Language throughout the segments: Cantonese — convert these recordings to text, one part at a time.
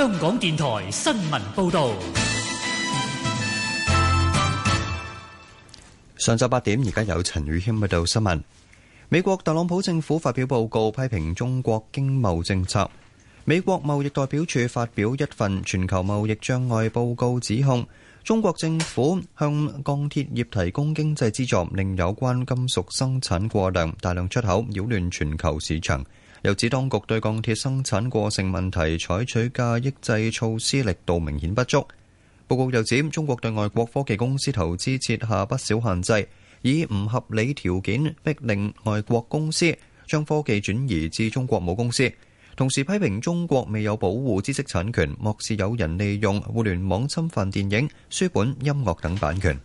香港電台新聞報道：上晝八點，而家有陳宇謙報道新聞。美國特朗普政府發表報告，批評中國經貿政策。美國貿易代表處發表一份全球貿易障礙報告，指控中國政府向鋼鐵業提供經濟資助，令有關金屬生產過量，大量出口，擾亂全球市場。又指當局對鋼鐵生產過剩問題採取嘅抑制措施力度明顯不足。報告又指，中國對外國科技公司投資設下不少限制，以唔合理條件逼令外國公司將科技轉移至中國母公司。同時批評中國未有保護知識產權，漠視有人利用互聯網侵犯電影、書本、音樂等版權。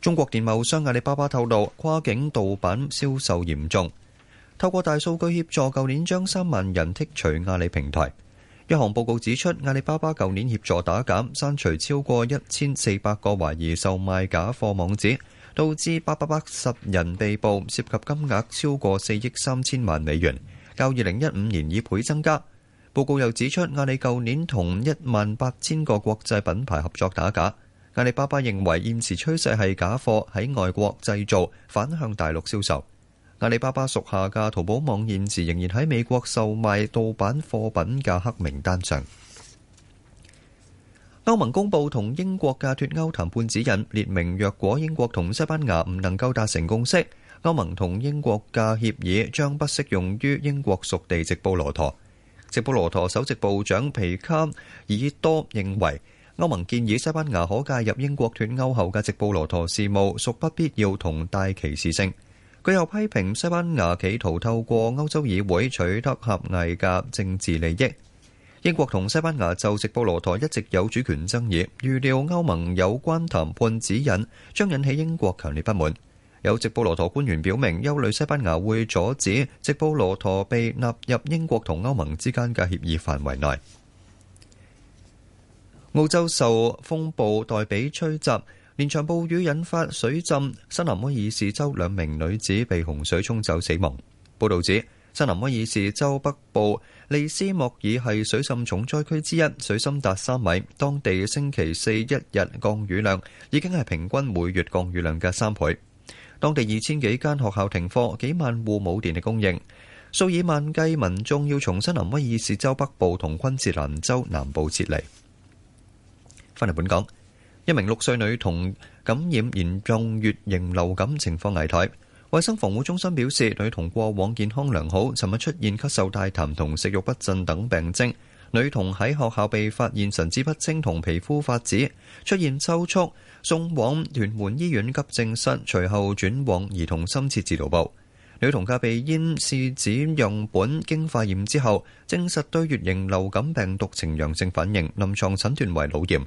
中國電貿商阿里巴巴透露，跨境盜版銷售嚴重。透過大數據協助，舊年將三萬人剔除阿里平台。一項報告指出，阿里巴巴舊年協助打假、刪除超過一千四百個懷疑售，售賣假貨網址，導致八百八十人被捕，涉及金額超過四億三千萬美元，較二零一五年以倍增加。報告又指出，阿里舊年同一萬八千個國際品牌合作打假。阿里巴巴認為現時趨勢係假貨喺外國製造，反向大陸銷售。阿里巴巴屬下嘅淘寶網現時仍然喺美國售賣盜版貨品嘅黑名單上。歐盟公布同英國嘅脱歐談判指引，列明若果英國同西班牙唔能夠達成共識，歐盟同英國嘅協議將不適用於英國屬地直布羅陀。直布羅陀首席部長皮卡爾多認為，歐盟建議西班牙可介入英國脫歐後嘅直布羅陀事務屬不必要同帶歧視性。佢又批評西班牙企圖透過歐洲議會取得合衞嘅政治利益。英國同西班牙就直布羅陀一直有主權爭議，預料歐盟有關談判指引將引起英國強烈不滿。有直布羅陀官員表明憂慮西班牙會阻止直布羅陀被納入英國同歐盟之間嘅協議範圍內。澳洲受風暴代比吹襲。連場暴雨引發水浸，新南威爾士州兩名女子被洪水沖走死亡。報道指，新南威爾士州北部利斯莫爾係水浸重災區之一，水深達三米。當地星期四一日降雨量已經係平均每月降雨量嘅三倍。當地二千幾間學校停課，幾萬戶冇電力供應，數以萬計民眾要從新南威爾士州北部同昆士蘭州南部撤離。翻嚟本港。一名六歲女童感染嚴重乙型流感情況危殆，衛生防護中心表示，女童過往健康良好，尋日出現咳嗽、大痰同食欲不振等病徵。女童喺學校被發現神志不清同皮膚發紫，出現抽搐，送往屯門醫院急症室，隨後轉往兒童深切治療部。女童嘅鼻咽拭子樣本經化驗之後，證實對乙型流感病毒呈陽性反應，臨床診斷為腦炎。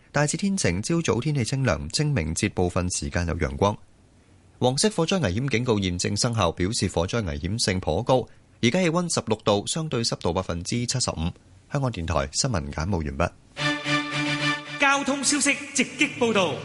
大致天晴，朝早天氣清涼，清明節部分時間有陽光。黃色火災危險警告驗證生效，表示火災危險性頗高。而家氣溫十六度，相對濕度百分之七十五。香港電台新聞簡報完畢。交通消息直擊報道。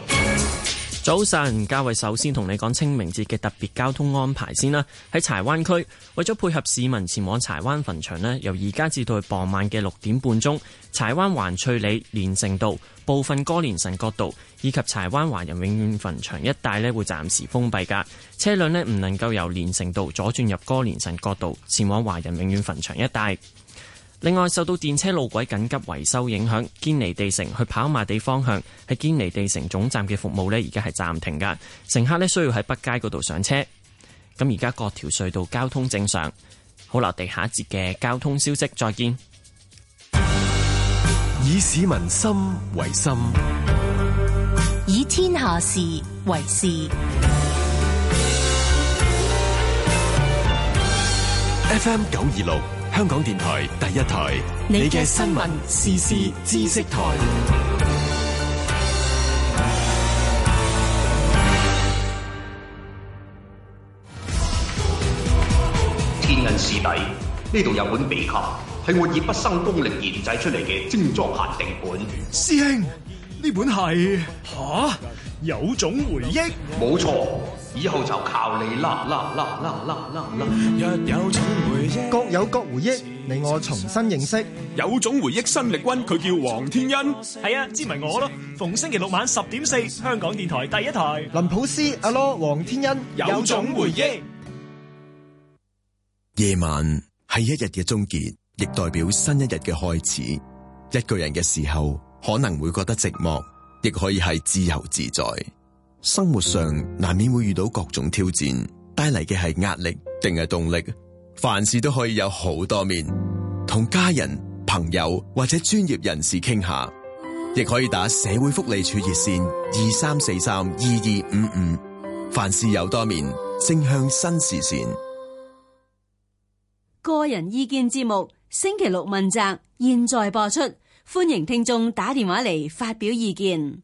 早晨，嘉慧首先同你講清明節嘅特別交通安排先啦。喺柴灣區，為咗配合市民前往柴灣墳場咧，由而家至到去傍晚嘅六點半鐘，柴灣環翠里、連城道部分、歌連臣角道以及柴灣華人永遠墳場一帶咧，會暫時封閉噶，車輛咧，唔能夠由連城道左轉入歌連臣角道，前往華人永遠墳場一帶。另外，受到電車路軌緊急維修影響，堅尼地城去跑馬地方向喺堅尼地城總站嘅服務呢，而家係暫停嘅。乘客呢，需要喺北街嗰度上車。咁而家各條隧道交通正常。好啦，地下一節嘅交通消息，再見。以市民心為心，以天下事為事。FM 九二六。香港電台第一台，你嘅新聞時事知識台。天恩師弟，呢度有本秘笈，係我以畢生功力研製出嚟嘅精裝限定本。師兄，呢本係吓？有種回憶？冇錯，以後就靠你啦啦啦啦啦啦啦！若有種。各有各回憶，你我重新認識。有種回憶新力軍，佢叫黃天恩。係 啊，知咪我咯。逢星期六晚十點四，香港電台第一台。林普斯，阿羅、啊天 啊，黃天恩，有種回憶。回憶夜晚係一日嘅終結，亦代表新一日嘅開始。一個人嘅時候，可能會覺得寂寞，亦可以係自由自在。生活上難免會遇到各種挑戰，帶嚟嘅係壓力定係動力？凡事都可以有好多面，同家人、朋友或者專業人士傾下，亦可以打社會福利處熱線二三四三二二五五。凡事有多面，正向新視線。個人意見節目星期六問責，現在播出，歡迎聽眾打電話嚟發表意見。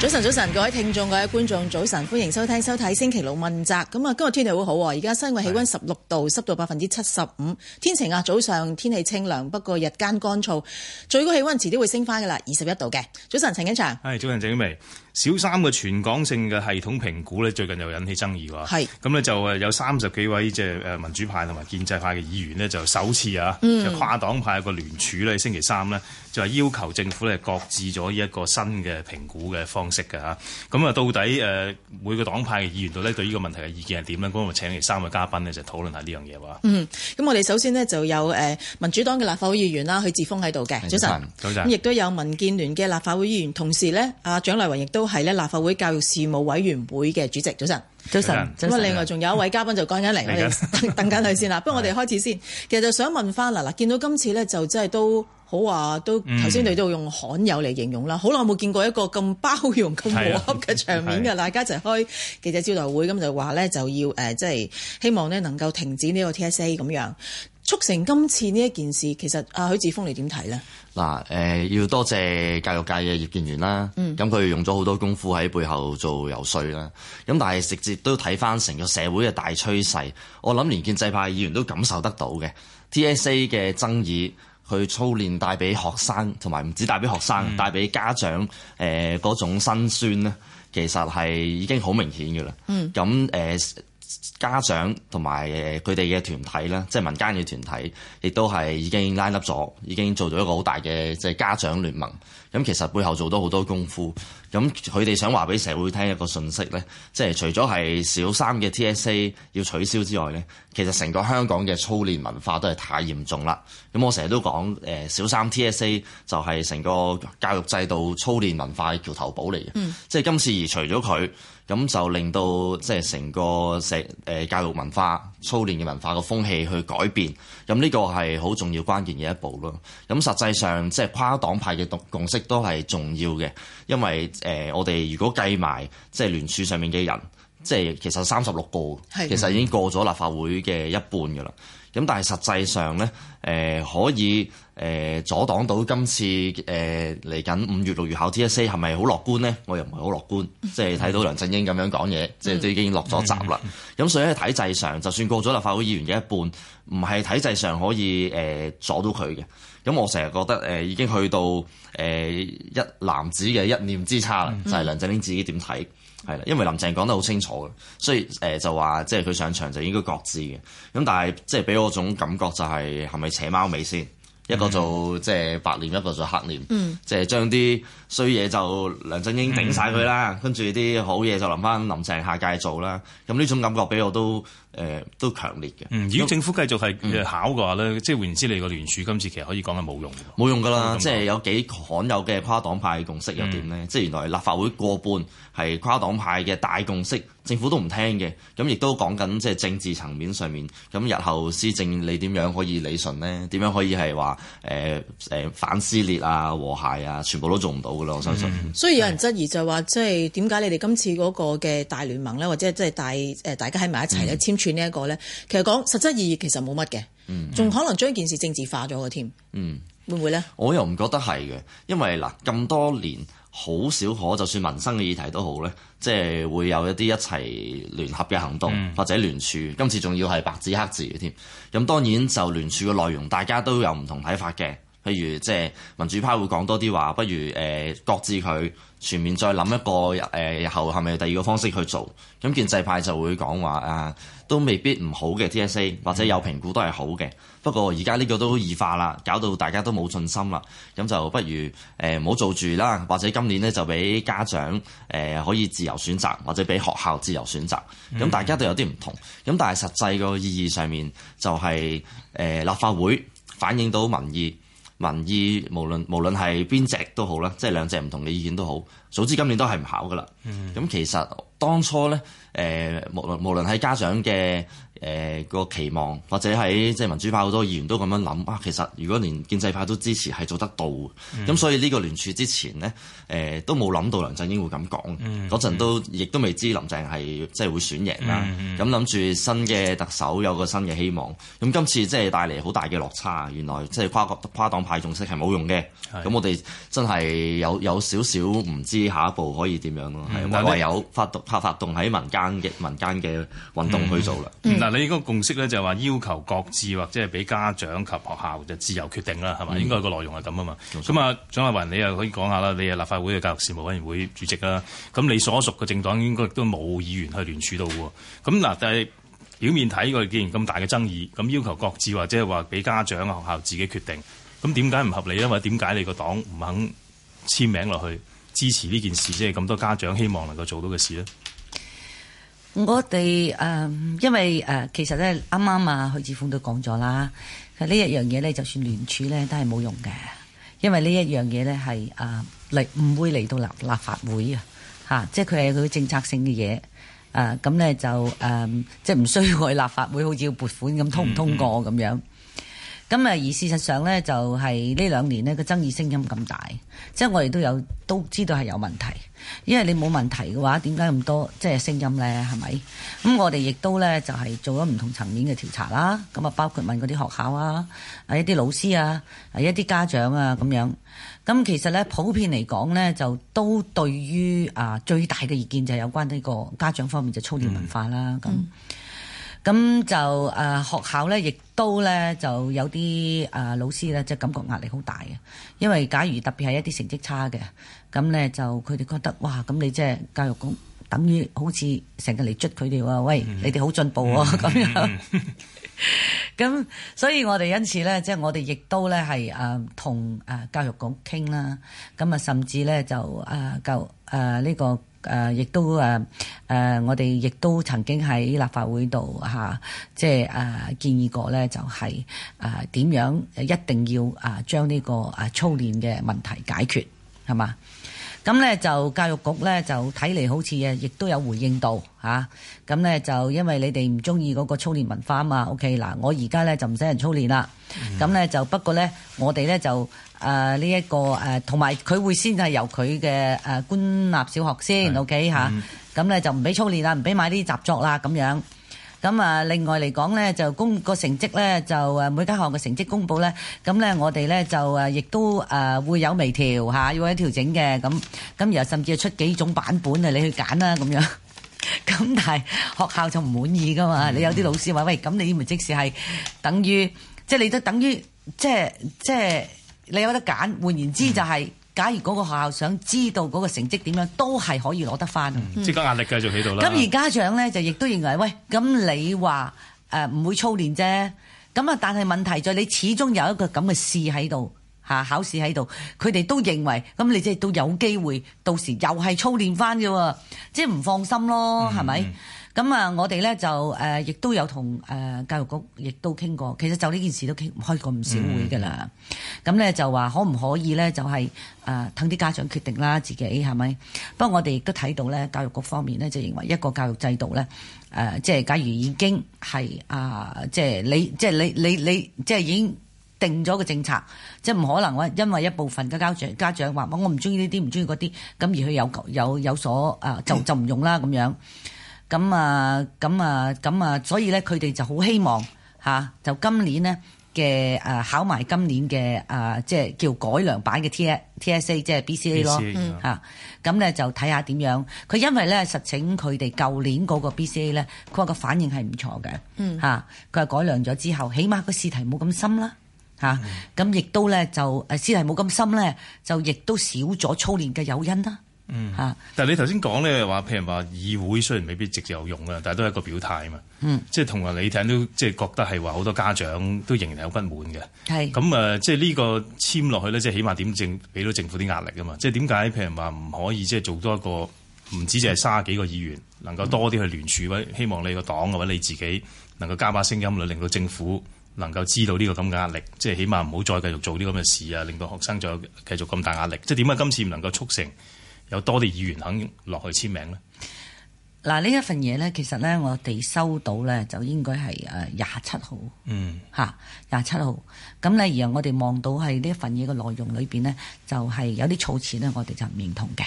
早晨，早晨，各位聽眾、各位觀眾，早晨，歡迎收聽、收睇星期六問責。咁啊，今日天氣好好，而家室外氣溫十六度，濕度百分之七十五，天晴啊，早上天氣清涼，不過日間乾燥，最高氣溫遲啲會升翻噶啦，二十一度嘅。早晨，陳景祥。係早晨整，整未。小三嘅全港性嘅系統評估呢，最近又引起爭議喎。係是，咁呢就誒有三十幾位即係誒民主派同埋建制派嘅議員呢，就首次啊，就、嗯、跨黨派個聯署咧，星期三呢，就係要求政府咧，擱置咗呢一個新嘅評估嘅方式嘅吓。咁啊，到底誒每個黨派嘅議員度呢，對呢個問題嘅意見係點呢？咁我請嚟三位嘉賓呢，就討論下呢樣嘢嗯，咁我哋首先呢，就有誒民主黨嘅立法會議員啦，許智峯喺度嘅，早晨，早晨。亦都有民建聯嘅立法會議員。同時呢，阿蔣麗芸亦都。係咧立法會教育事務委員會嘅主席，早晨，早晨。咁啊，另外仲有一位嘉賓就趕緊嚟，等緊佢先啦。不過我哋開始先。其實就想問翻嗱，嗱，見到今次咧就真係都好話，都頭先你都用罕有嚟形容啦。好耐冇見過一個咁包容、咁和洽嘅場面嘅，的大家一齊開記者招待會，咁就話咧就要誒、呃，即係希望咧能夠停止呢個 TSA 咁樣。促成今次呢一件事，其實阿、啊、許智峯你點睇咧？嗱、呃，誒要多謝教育界嘅葉建源啦，咁佢、嗯、用咗好多功夫喺背後做遊説啦。咁但係直接都睇翻成個社會嘅大趨勢，我諗連建制派議員都感受得到嘅 TSA 嘅爭議，佢操練帶俾學生同埋唔止帶俾學生，帶俾、嗯、家長誒嗰、呃、種辛酸咧，其實係已經好明顯嘅啦。嗯，咁誒、嗯。家長同埋誒佢哋嘅團體啦，即係民間嘅團體，亦都係已經拉粒咗，已經做咗一個好大嘅即係家長聯盟。咁其實背後做咗好多功夫。咁佢哋想話俾社會聽一個訊息呢，即係除咗係小三嘅 TSA 要取消之外呢，其實成個香港嘅操練文化都係太嚴重啦。咁我成日都講誒小三 TSA 就係成個教育制度操練文化嘅橋頭堡嚟嘅，嗯、即係今次而除咗佢。咁就令到即係成個社誒教育文化操練嘅文化嘅風氣去改變，咁呢個係好重要關鍵嘅一步咯。咁實際上即係跨黨派嘅共識都係重要嘅，因為誒、呃、我哋如果計埋即係聯署上面嘅人，即係其實三十六個，其實已經過咗立法會嘅一半㗎喇。咁但係實際上咧誒、呃、可以。誒、呃、阻擋到今次誒嚟緊五月六月考 T.S.A. 係咪好樂觀呢？我又唔係好樂觀， 即係睇到梁振英咁樣講嘢， 即係都已經落咗閘啦。咁 所以喺體制上，就算過咗立法會議員嘅一半，唔係體制上可以誒、呃、阻到佢嘅。咁我成日覺得誒已經去到誒一男子嘅一念之差啦， 就係梁振英自己點睇係啦。因為林鄭講得好清楚，所以誒、呃、就話即係佢上場就應該擱置嘅。咁但係即係俾我種感覺就係係咪扯貓尾先？是一個做即係白臉，一個做黑臉，即係將啲衰嘢就梁振英頂晒佢啦，跟住啲好嘢就臨翻林鄭下屆做啦。咁呢種感覺俾我都～誒、呃、都強烈嘅、嗯。如果政府繼續係考嘅話咧，嗯、即係換言之，你個聯署今次其實可以講係冇用嘅。冇用㗎啦，即係有幾罕有嘅跨黨派共識又點咧？嗯、即係原來立法會過半係跨黨派嘅大共識，政府都唔聽嘅。咁亦都講緊即係政治層面上面，咁日後施政你點樣可以理順呢？點樣可以係話誒誒反撕裂啊、和諧啊，全部都做唔到㗎喇，嗯、我相信。所以有人質疑就係話，即係點解你哋今次嗰個嘅大聯盟咧，或者即係大誒大家喺埋一齊咧簽、嗯嗯呢一個咧，其實講實質意義其實冇乜嘅，嗯，仲可能將件事政治化咗嘅添，嗯，會唔會咧？我又唔覺得係嘅，因為嗱咁多年好少可，就算民生嘅議題都好咧，即係會有一啲一齊聯合嘅行動、嗯、或者聯署。今次仲要係白紙黑字嘅添，咁當然就聯署嘅內容大家都有唔同睇法嘅，譬如即係民主派會講多啲話，不如誒、呃、各自佢全面再諗一個誒、呃、後係咪第二個方式去做咁？建制派就會講話啊。啊啊都未必唔好嘅 TSA，或者有評估都係好嘅。嗯、不過而家呢個都異化啦，搞到大家都冇信心啦。咁就不如誒唔好做住啦，或者今年呢就俾家長誒、呃、可以自由選擇，或者俾學校自由選擇。咁大家都有啲唔同。咁但係實際個意義上面就係、是、誒、呃、立法會反映到民意，民意無論無論係邊隻都好啦，即係兩隻唔同嘅意見都好，早知今年都係唔考㗎喇。咁、嗯、其實。當初咧，誒無論無論喺家長嘅誒個期望，或者喺即係民主派好多議員都咁樣諗啊，其實如果連建制派都支持，係做得到嘅。咁、嗯、所以呢個聯署之前咧，誒都冇諗到梁振英會咁講，嗰陣都亦都未知林鄭係即係會選贏啦。咁諗住新嘅特首有個新嘅希望，咁今次即係帶嚟好大嘅落差。原來即係跨國跨黨派重視係冇用嘅。咁是的 我哋真係有有少少唔知下一步可以點樣咯。係唔係有發動？拍發動喺民間嘅民間嘅運動去做啦。嗱、嗯，嗯、你依個共識咧就係話要求擱置或者係俾家長及學校就自由決定啦，係咪？嗯、應該個內容係咁啊嘛。咁啊、嗯，蔣麗芸，你又可以講下啦。你係立法會嘅教育事務委員會主席啦。咁你所屬嘅政黨應該亦都冇議員去聯署到喎。咁嗱，但係表面睇，佢既然咁大嘅爭議，咁要求擱置或者係話俾家長啊學校自己決定，咁點解唔合理咧？因為點解你個黨唔肯簽名落去？支持呢件事，即係咁多家長希望能夠做到嘅事咧。我哋誒、呃，因為誒、呃，其實咧啱啱啊，許智峯都講咗啦，呢一樣嘢咧，就算聯署咧都係冇用嘅，因為呢一樣嘢咧係誒嚟唔會嚟到立立法會啊，嚇，即係佢係佢政策性嘅嘢。誒咁咧就誒、呃，即係唔需要去立法會，好似要撥款咁通唔通過咁樣、嗯嗯。咁誒而事實上咧，就係呢兩年呢個爭議聲音咁大，即係我哋都有都知道係有問題，因為你冇問題嘅話，點解咁多即係聲音咧？係咪？咁、嗯、我哋亦都咧就係做咗唔同層面嘅調查啦。咁啊，包括問嗰啲學校啊，啊一啲老師啊，啊一啲家長啊咁樣。咁其實咧普遍嚟講咧，就都對於啊最大嘅意見就係有關呢、這個家長方面就操練文化啦。咁、嗯。嗯咁就誒學校咧，亦都咧就有啲誒老師咧，即係感覺壓力好大嘅。因為假如特別係一啲成績差嘅，咁咧就佢哋覺得哇，咁你即係教育局，等於好似成日嚟捉佢哋喎。喂，嗯、你哋好進步啊咁樣。咁所以我哋因此咧，即係我哋亦都咧係誒同誒教育局傾啦。咁啊，甚至咧就誒教誒呢個。誒，亦、呃、都誒誒、呃，我哋亦都曾經喺立法會度嚇、啊，即係誒、啊、建議過咧、就係，就係誒點樣一定要誒將呢個誒操練嘅問題解決，係嘛？咁咧就教育局咧就睇嚟好似誒，亦都有回應到嚇。咁咧就因為你哋唔中意嗰個操練文化啊嘛，OK 嗱，我而家咧就唔使人操練啦。咁咧、嗯、就不過咧，我哋咧就。誒呢一個誒，同埋佢會先係由佢嘅誒官立小學先，OK 嚇咁咧就唔俾操練啦，唔俾買啲習作啦咁樣咁啊。另外嚟講咧，就公個成績咧就誒每間學校嘅成績公佈咧，咁咧我哋咧就誒亦都誒會有微調嚇，要有調整嘅咁咁，然後甚至係出幾種版本啊，你去揀啦咁樣咁，但係學校就唔滿意噶嘛。你有啲老師話喂，咁你咪即係係等於即係你都等於即係即係。你有得揀，換言之就係、是，嗯、假如嗰個學校想知道嗰個成績點樣，都係可以攞得翻。即刻壓力繼續喺度啦。咁而家長咧就亦都認為，喂，咁你話誒唔會操練啫，咁啊，但係問題在、就是、你始終有一個咁嘅試喺度嚇考試喺度，佢哋都認為，咁你即係都有機會到時又係操練翻嘅喎，即係唔放心咯，係咪、嗯嗯？咁啊，我哋咧就誒，亦、呃、都有同誒、呃、教育局，亦都傾過。其實就呢件事都傾開過唔少會噶啦。咁咧、嗯、就話可唔可以咧，就係、是、誒、呃、等啲家長決定啦，自己係咪？不過我哋亦都睇到咧，教育局方面咧就認為一個教育制度咧誒、呃，即係假如已經係啊、呃，即係你即係你你你，你即係已經定咗個政策，即係唔可能話因為一部分嘅家長家長話我唔中意呢啲，唔中意嗰啲，咁而去有有有所啊就就唔用啦咁樣。咁啊，咁啊，咁啊，所以咧，佢哋就好希望吓、啊，就今年咧嘅誒考埋今年嘅誒、啊，即係叫改良版嘅 T T S A，即係 B C A 咯吓，咁咧、嗯啊、就睇下點樣。佢因為咧實情佢哋舊年嗰個 B C A 咧，佢話個反應係唔錯嘅吓，佢話、嗯啊、改良咗之後，起碼個試題冇咁深啦吓，咁、啊、亦都咧就誒、啊、試題冇咁深咧，就亦都少咗操練嘅誘因啦。嗯嚇，但係你頭先講咧，話譬如話議會雖然未必直接有用嘅，但係都係一個表態啊嘛。嗯，即係同埋你睇都即係覺得係話好多家長都仍然有不滿嘅。係咁誒，即係呢個簽落去咧，即係起碼點正俾到政府啲壓力啊嘛。即係點解譬如話唔可以即係做多一個唔止淨係卅幾個議員、嗯、能夠多啲去聯署，或希望你個黨或者你自己能夠加把聲音，令到政府能夠知道呢個咁嘅壓力，即係起碼唔好再繼續做啲咁嘅事啊，令到學生再繼續咁大壓力。即係點解今次唔能夠促成？有多啲議員肯落去簽名呢？嗱，呢一份嘢呢，其實呢，我哋收到呢，就應該係誒廿七號，嗯，嚇廿七號。咁咧，而我哋望到係呢一份嘢嘅內容裏邊呢，就係有啲措辭呢，我哋就唔認同嘅。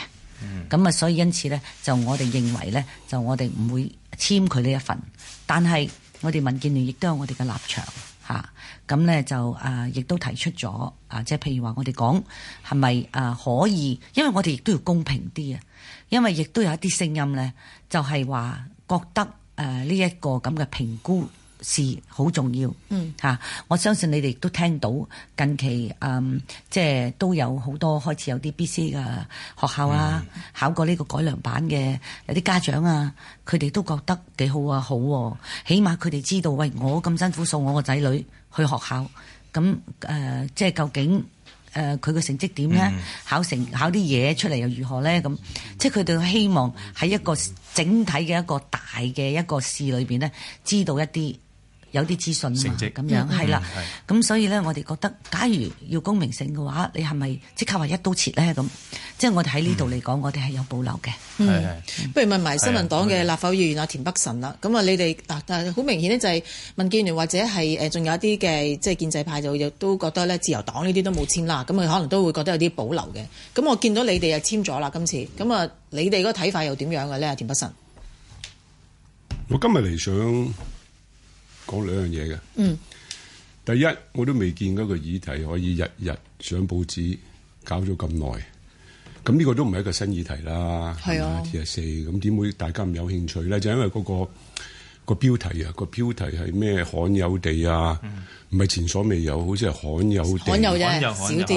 咁啊，所以因此呢，就我哋認為呢，就我哋唔會簽佢呢一份。但係我哋民建聯亦都有我哋嘅立場。咁咧就啊，亦都提出咗啊，即係譬如話我哋講，係咪啊可以？因為我哋亦都要公平啲啊，因為亦都有一啲聲音咧，就係話覺得誒呢一個咁嘅評估是好重要。嗯，吓，我相信你哋都聽到近期啊、嗯，即係都有好多開始有啲 BC 嘅學校啊，嗯，考過呢個改良版嘅，有啲家長啊，佢哋都覺得幾好，好啊，好，起碼佢哋知道喂，我咁辛苦送我個仔女。去學校咁誒、呃，即係究竟誒佢個成績點咧、嗯？考成考啲嘢出嚟又如何咧？咁即係佢哋希望喺一個整體嘅一個大嘅一個市裏邊咧，知道一啲。有啲資訊啊嘛，咁績樣係啦，咁所以呢，是我哋覺得，假如要公明性嘅話，你係咪即刻話一刀切呢？咁即係我哋喺呢度嚟講，嗯、我哋係有保留嘅。不如問埋新民黨嘅立法會議員阿田北辰啦。咁啊，你哋啊，好明顯呢、就是，就係民建聯或者係誒，仲有一啲嘅即係建制派，就又都覺得呢自由黨呢啲都冇簽啦。咁佢可能都會覺得有啲保留嘅。咁我見到你哋又簽咗啦，今次。咁啊，你哋嗰個睇法又點樣嘅呢？田北辰，我今日嚟上，講兩樣嘢嘅，第一我都未見過個議題可以日日上報紙搞咗咁耐，咁呢個都唔係一個新議題啦，係嘛？TSA 咁點會大家唔有興趣咧？就因為嗰個個標題啊，個標題係咩罕有地啊，唔係前所未有，好似係罕有地，罕有地？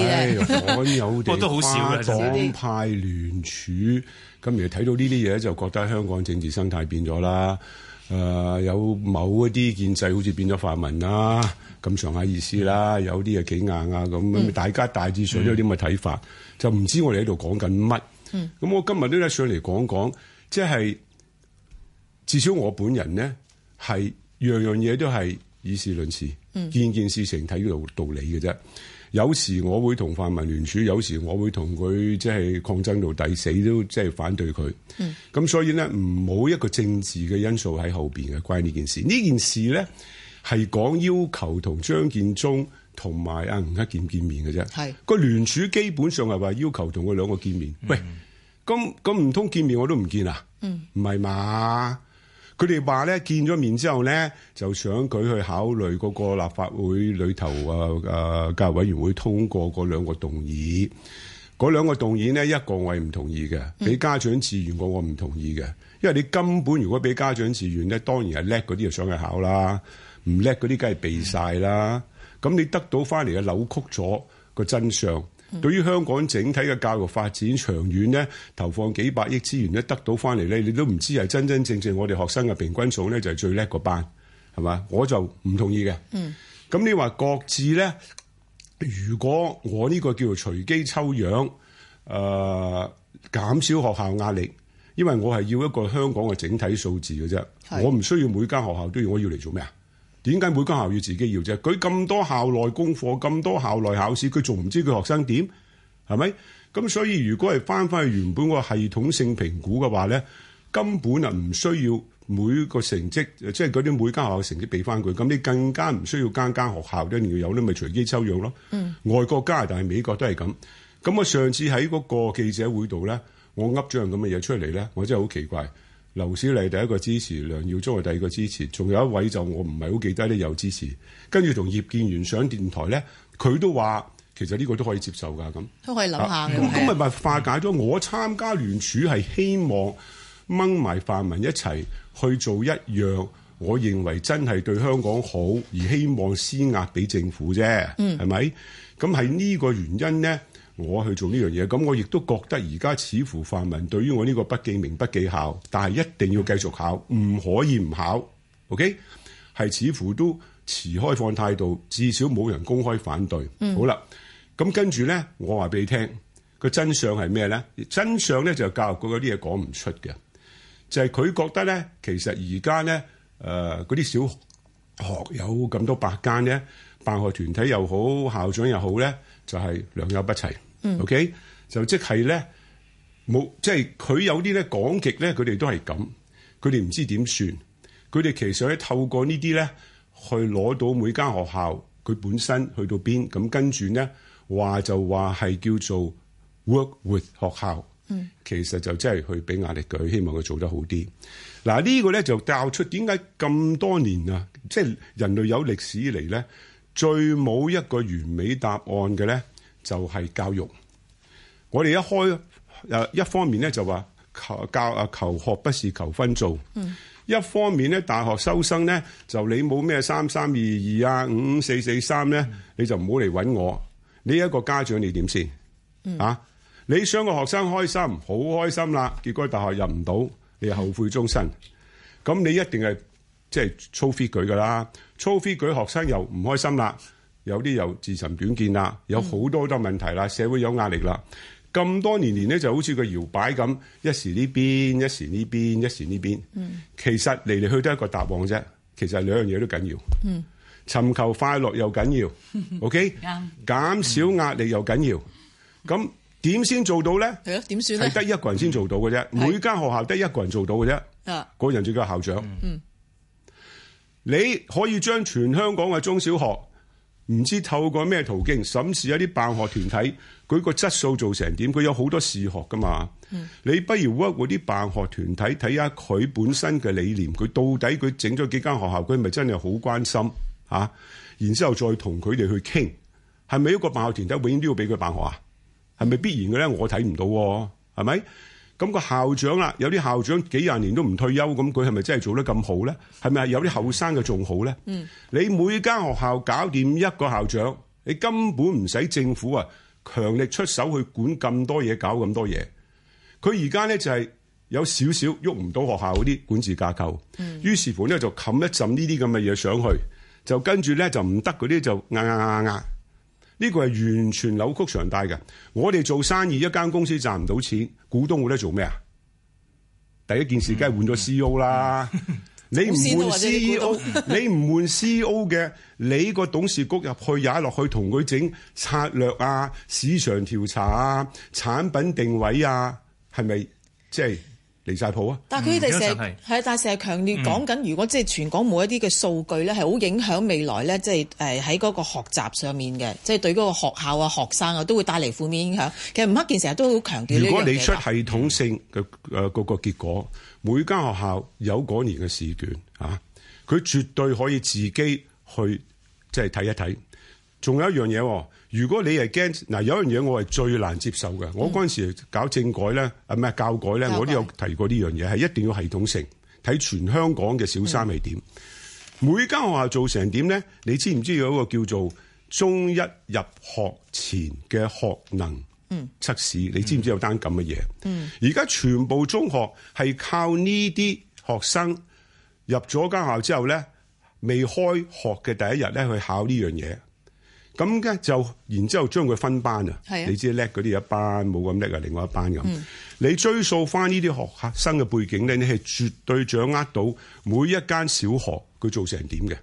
罕有地。不都好少嘅，呢黨派聯署，咁而睇到呢啲嘢就覺得香港政治生態變咗啦。誒、呃、有某一啲建制好似變咗泛民啦，咁上下意思啦，嗯、有啲又幾硬啊，咁咁大家大致上都有啲咁嘅睇法，就唔知我哋喺度講緊乜。嗯，咁我，嗯、我今日都咧上嚟講講，即係至少我本人咧係樣樣嘢都係以事論事，件、嗯、件事情睇到道理嘅啫。有時我會同泛民聯署，有時我會同佢即係抗爭到抵死都即係反對佢。咁、嗯、所以咧，唔好一個政治嘅因素喺後邊嘅，關呢件事。呢件事咧係講要求同張建宗同埋阿吳克儉見面嘅啫。個是聯署基本上係話要求同佢兩個見面。嗯、喂，咁咁唔通見面我都唔見啊？唔係嘛？佢哋話咧見咗面之後咧，就想佢去考慮嗰個立法會裏頭啊啊教育委員會通過嗰兩個動議。嗰兩個動議咧，一個我係唔同意嘅，俾家長自願我我唔同意嘅，因為你根本如果俾家長自願咧，當然係叻嗰啲就上去考啦，唔叻嗰啲梗係避晒啦，咁你得到翻嚟嘅，扭曲咗個真相。對於香港整體嘅教育發展長遠咧，投放幾百億資源咧，得到返嚟咧，你都唔知係真真正正我哋學生嘅平均數咧，就係最叻個班，係嘛？我就唔同意嘅。嗯。咁你話各自咧，如果我呢個叫做隨機抽樣，誒、呃、減少學校壓力，因為我係要一個香港嘅整體數字嘅啫，是我唔需要每間學校都要，我要嚟做咩？點解每間校要自己要啫？佢咁多校內功課，咁多校內考試，佢仲唔知佢學生點？係咪？咁所以如果係翻返去原本個系統性評估嘅話咧，根本就唔需要每個成績，即係嗰啲每間學校成績俾翻佢。咁你更加唔需要間間學校都要有，咧咪隨機抽樣咯？嗯。外國加拿大、美國都係咁。咁我上次喺嗰個記者會度咧，我噏咗樣咁嘅嘢出嚟咧，我真係好奇怪。劉小麗第一個支持，梁耀忠係第二個支持，仲有一位就我唔係好記得呢有支持，跟住同葉建源上電台咧，佢都話其實呢個都可以接受㗎，咁都可以諗下。咁咁咪咪化解咗、嗯、我參加聯署係希望掹埋泛民一齊去做一樣，我認為真係對香港好而希望施壓俾政府啫，係咪、嗯？咁係呢個原因呢？我去做呢樣嘢，咁我亦都覺得而家似乎泛民對於我呢個不記名、不記效，但係一定要繼續考，唔可以唔考。OK，係似乎都持開放態度，至少冇人公開反對。嗯、好啦，咁跟住咧，我話俾你聽，個真相係咩咧？真相咧就是、教育局有啲嘢講唔出嘅，就係、是、佢覺得咧，其實而家咧，誒嗰啲小學有咁多白間咧，辦學團體又好，校長又好咧，就係良莠不齊。OK，mm. 就即係咧冇，即係佢有啲咧，講極咧佢哋都係咁，佢哋唔知點算。佢哋其實咧透過呢啲咧去攞到每間學校佢本身去到邊，咁跟住咧話就話係叫做 work with 學校，mm. 其實就即係去俾壓力佢，希望佢做得好啲。嗱，呢個咧就教出點解咁多年啊，即係人類有歷史以嚟咧最冇一個完美答案嘅咧。就係教育，我哋一開誒一方面咧就話，求教啊，求學不是求分做。嗯、一方面咧大學收生咧就你冇咩三三二二啊五五四四三咧，你就唔好嚟揾我。你一個家長你點先？嗯、啊，你想個學生開心，好開心啦，結果大學入唔到，你後悔終身，咁、嗯、你一定係即係粗飛舉噶啦，粗飛舉學生又唔開心啦。有啲又自尋短見啦，有好多好多問題啦，社會有壓力啦，咁多年年咧就好似個搖擺咁，一時呢邊，一時呢邊，一時呢邊。嗯，其實嚟嚟去都係一個答案啫，其實兩樣嘢都緊要。嗯，尋求快樂又緊要，OK，減少壓力又緊要。咁點先做到咧？係咯，點算咧？係得一個人先做到嘅啫，每間學校得一個人做到嘅啫。啊，嗰人就叫校長。嗯，你可以將全香港嘅中小學。唔知透過咩途徑審視一啲辦學團體，佢個質素做成點？佢有好多視學㗎嘛，嗯、你不如 work with 啲辦學團體睇下佢本身嘅理念，佢到底佢整咗幾間學校，佢係咪真係好關心嚇、啊？然之後再同佢哋去傾，係咪一個辦學團體永遠都要俾佢辦學啊？係咪必然嘅咧？我睇唔到、哦，係咪？咁個校長啦，有啲校長幾廿年都唔退休，咁佢係咪真係做得咁好咧？係咪啊？有啲後生嘅仲好咧。嗯，你每間學校搞掂一個校長，你根本唔使政府啊，強力出手去管咁多嘢，搞咁多嘢。佢而家咧就係有少少喐唔到學校嗰啲管治架構。嗯，於是乎咧就冚一陣呢啲咁嘅嘢上去，就跟住咧就唔得嗰啲就壓壓壓壓。呢個係完全扭曲常態嘅。我哋做生意，一間公司賺唔到錢，股東會得做咩啊？第一件事梗係換咗 CEO 啦。你唔換 CEO，你唔換 CEO 嘅，你個董事局入去踩落去同佢整策略啊、市場調查啊、產品定位啊，係咪即係？離晒譜啊！但係佢哋成日係，但係成日強烈講緊，如果即係全港每一啲嘅數據咧，係好影響未來咧，即係誒喺嗰個學習上面嘅，即係對嗰個學校啊、學生啊，都會帶嚟負面影響。其實吳克健成日都好強調。如果你出系統性嘅誒嗰個結果，嗯、每間學校有嗰年嘅試卷啊，佢絕對可以自己去即係睇一睇。仲有一樣嘢。如果你係驚嗱，有樣嘢我係最難接受嘅。我嗰陣時搞政改咧，啊咩教改咧，嗯、我都有提過呢樣嘢，係一定要系統性睇全香港嘅小三係點。嗯、每間學校做成點咧？你知唔知有個叫做中一入學前嘅學能嗯測試？嗯、你知唔知有單咁嘅嘢？嗯，而家全部中學係靠呢啲學生入咗間學校之後咧，未開學嘅第一日咧去考呢樣嘢。咁咧就然之後將佢分班啊，你知叻嗰啲一班，冇咁叻啊，另外一班咁。嗯、你追溯翻呢啲學生嘅背景咧，你係絕對掌握到每一間小學佢做成點嘅，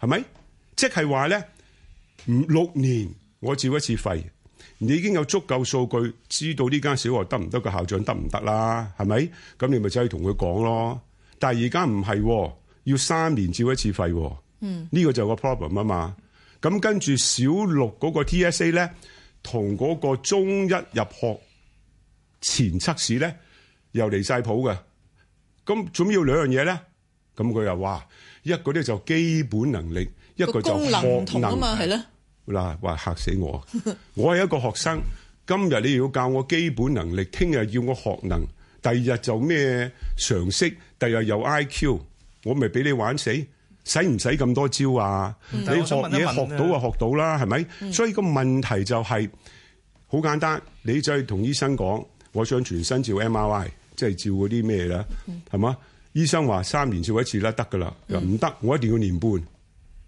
係咪？即係話咧，五六年我照一次肺，你已經有足夠數據知道呢間小學得唔得，個校長得唔得啦？係咪？咁你咪走去同佢講咯。但係而家唔係，要三年照一次肺，嗯，呢個就個 problem 啊嘛。咁跟住小六嗰個 T S A 咧，同嗰個中一入學前測試咧，又離晒譜嘅。咁總要兩樣嘢咧。咁佢又話：一個咧就基本能力，一個就學能啊嘛，係咧。嗱，哇嚇死我！我係一個學生，今日你要教我基本能力，聽日要我學能，第二日就咩常識，第二日又 I Q，我咪俾你玩死。使唔使咁多招啊？行你學嘢學到啊，學到啦，係咪？嗯、所以個問題就係、是、好簡單，你再同醫生講，我想全身照 MRI，即係照嗰啲咩咧，係嘛、嗯？醫生話三年照一次啦，得噶啦，又唔得，我一定要年半。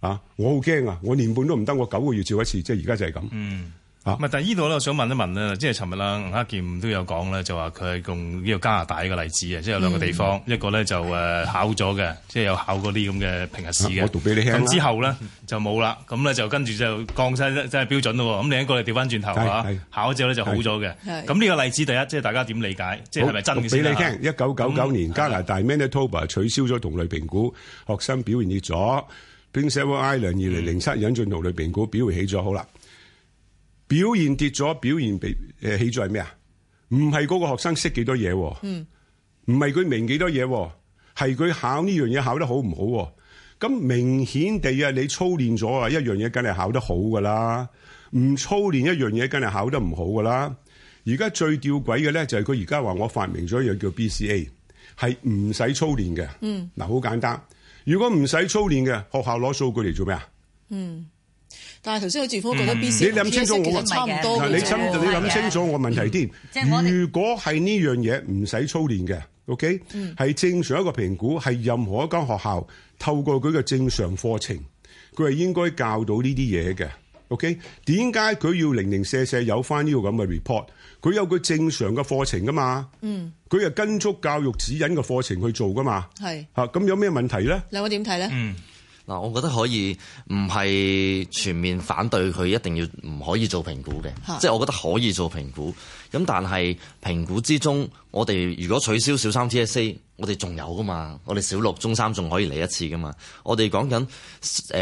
啊，我好驚啊，我年半都唔得，我九個月照一次，即係而家就係咁。嗯唔係，但係依度咧，想問一問咧，即係尋日啦，阿健都有講咧，就話佢係用呢個加拿大嘅例子啊，即係有兩個地方，一個咧就誒考咗嘅，即係有考過啲咁嘅平日試嘅。我讀俾你聽。咁之後咧就冇啦，咁咧就跟住就降晒，即係標準咯。咁另一個嚟調翻轉頭考咗之後咧就好咗嘅。咁呢個例子第一，即係大家點理解？即係係咪真嘅？俾你聽。一九九九年加拿大 Manitoba 取消咗同類評估，學生表現跌咗。Prince Edward Island 二零零七引進同類評估，表現起咗。好啦。表現跌咗，表現被誒起咗係咩啊？唔係嗰個學生識幾多嘢，唔係佢明幾多嘢，係佢考呢樣嘢考得好唔好？咁明顯地啊，你操練咗啊，一樣嘢梗係考得好噶啦，唔操練一樣嘢梗係考得唔好噶啦。而家最吊鬼嘅咧就係佢而家話我發明咗一樣叫 BCA，係唔使操練嘅。嗱、嗯，好簡單，如果唔使操練嘅學校攞數據嚟做咩啊？嗯但係頭先佢住科覺得必須、嗯，你諗清楚我個差唔多。嗱，你想的你諗清楚我問題添。嗯、如果係呢樣嘢唔使操練嘅，OK，係、嗯、正常一個評估，係任何一間學校透過佢嘅正常課程，佢係應該教到呢啲嘢嘅。OK，點解佢要零零舍舍有返呢個咁嘅 report？佢有佢正常嘅課程㗎嘛？嗯，佢係跟足教育指引嘅課程去做㗎嘛？係、嗯。嚇咁是有咩問題咧？兩位點睇咧？嗯。嗱，我覺得可以唔係全面反對佢一定要唔可以做評估嘅，的即係我覺得可以做評估。咁但係評估之中，我哋如果取消小三 TSA，我哋仲有㗎嘛？我哋小六、中三仲可以嚟一次㗎嘛？我哋講緊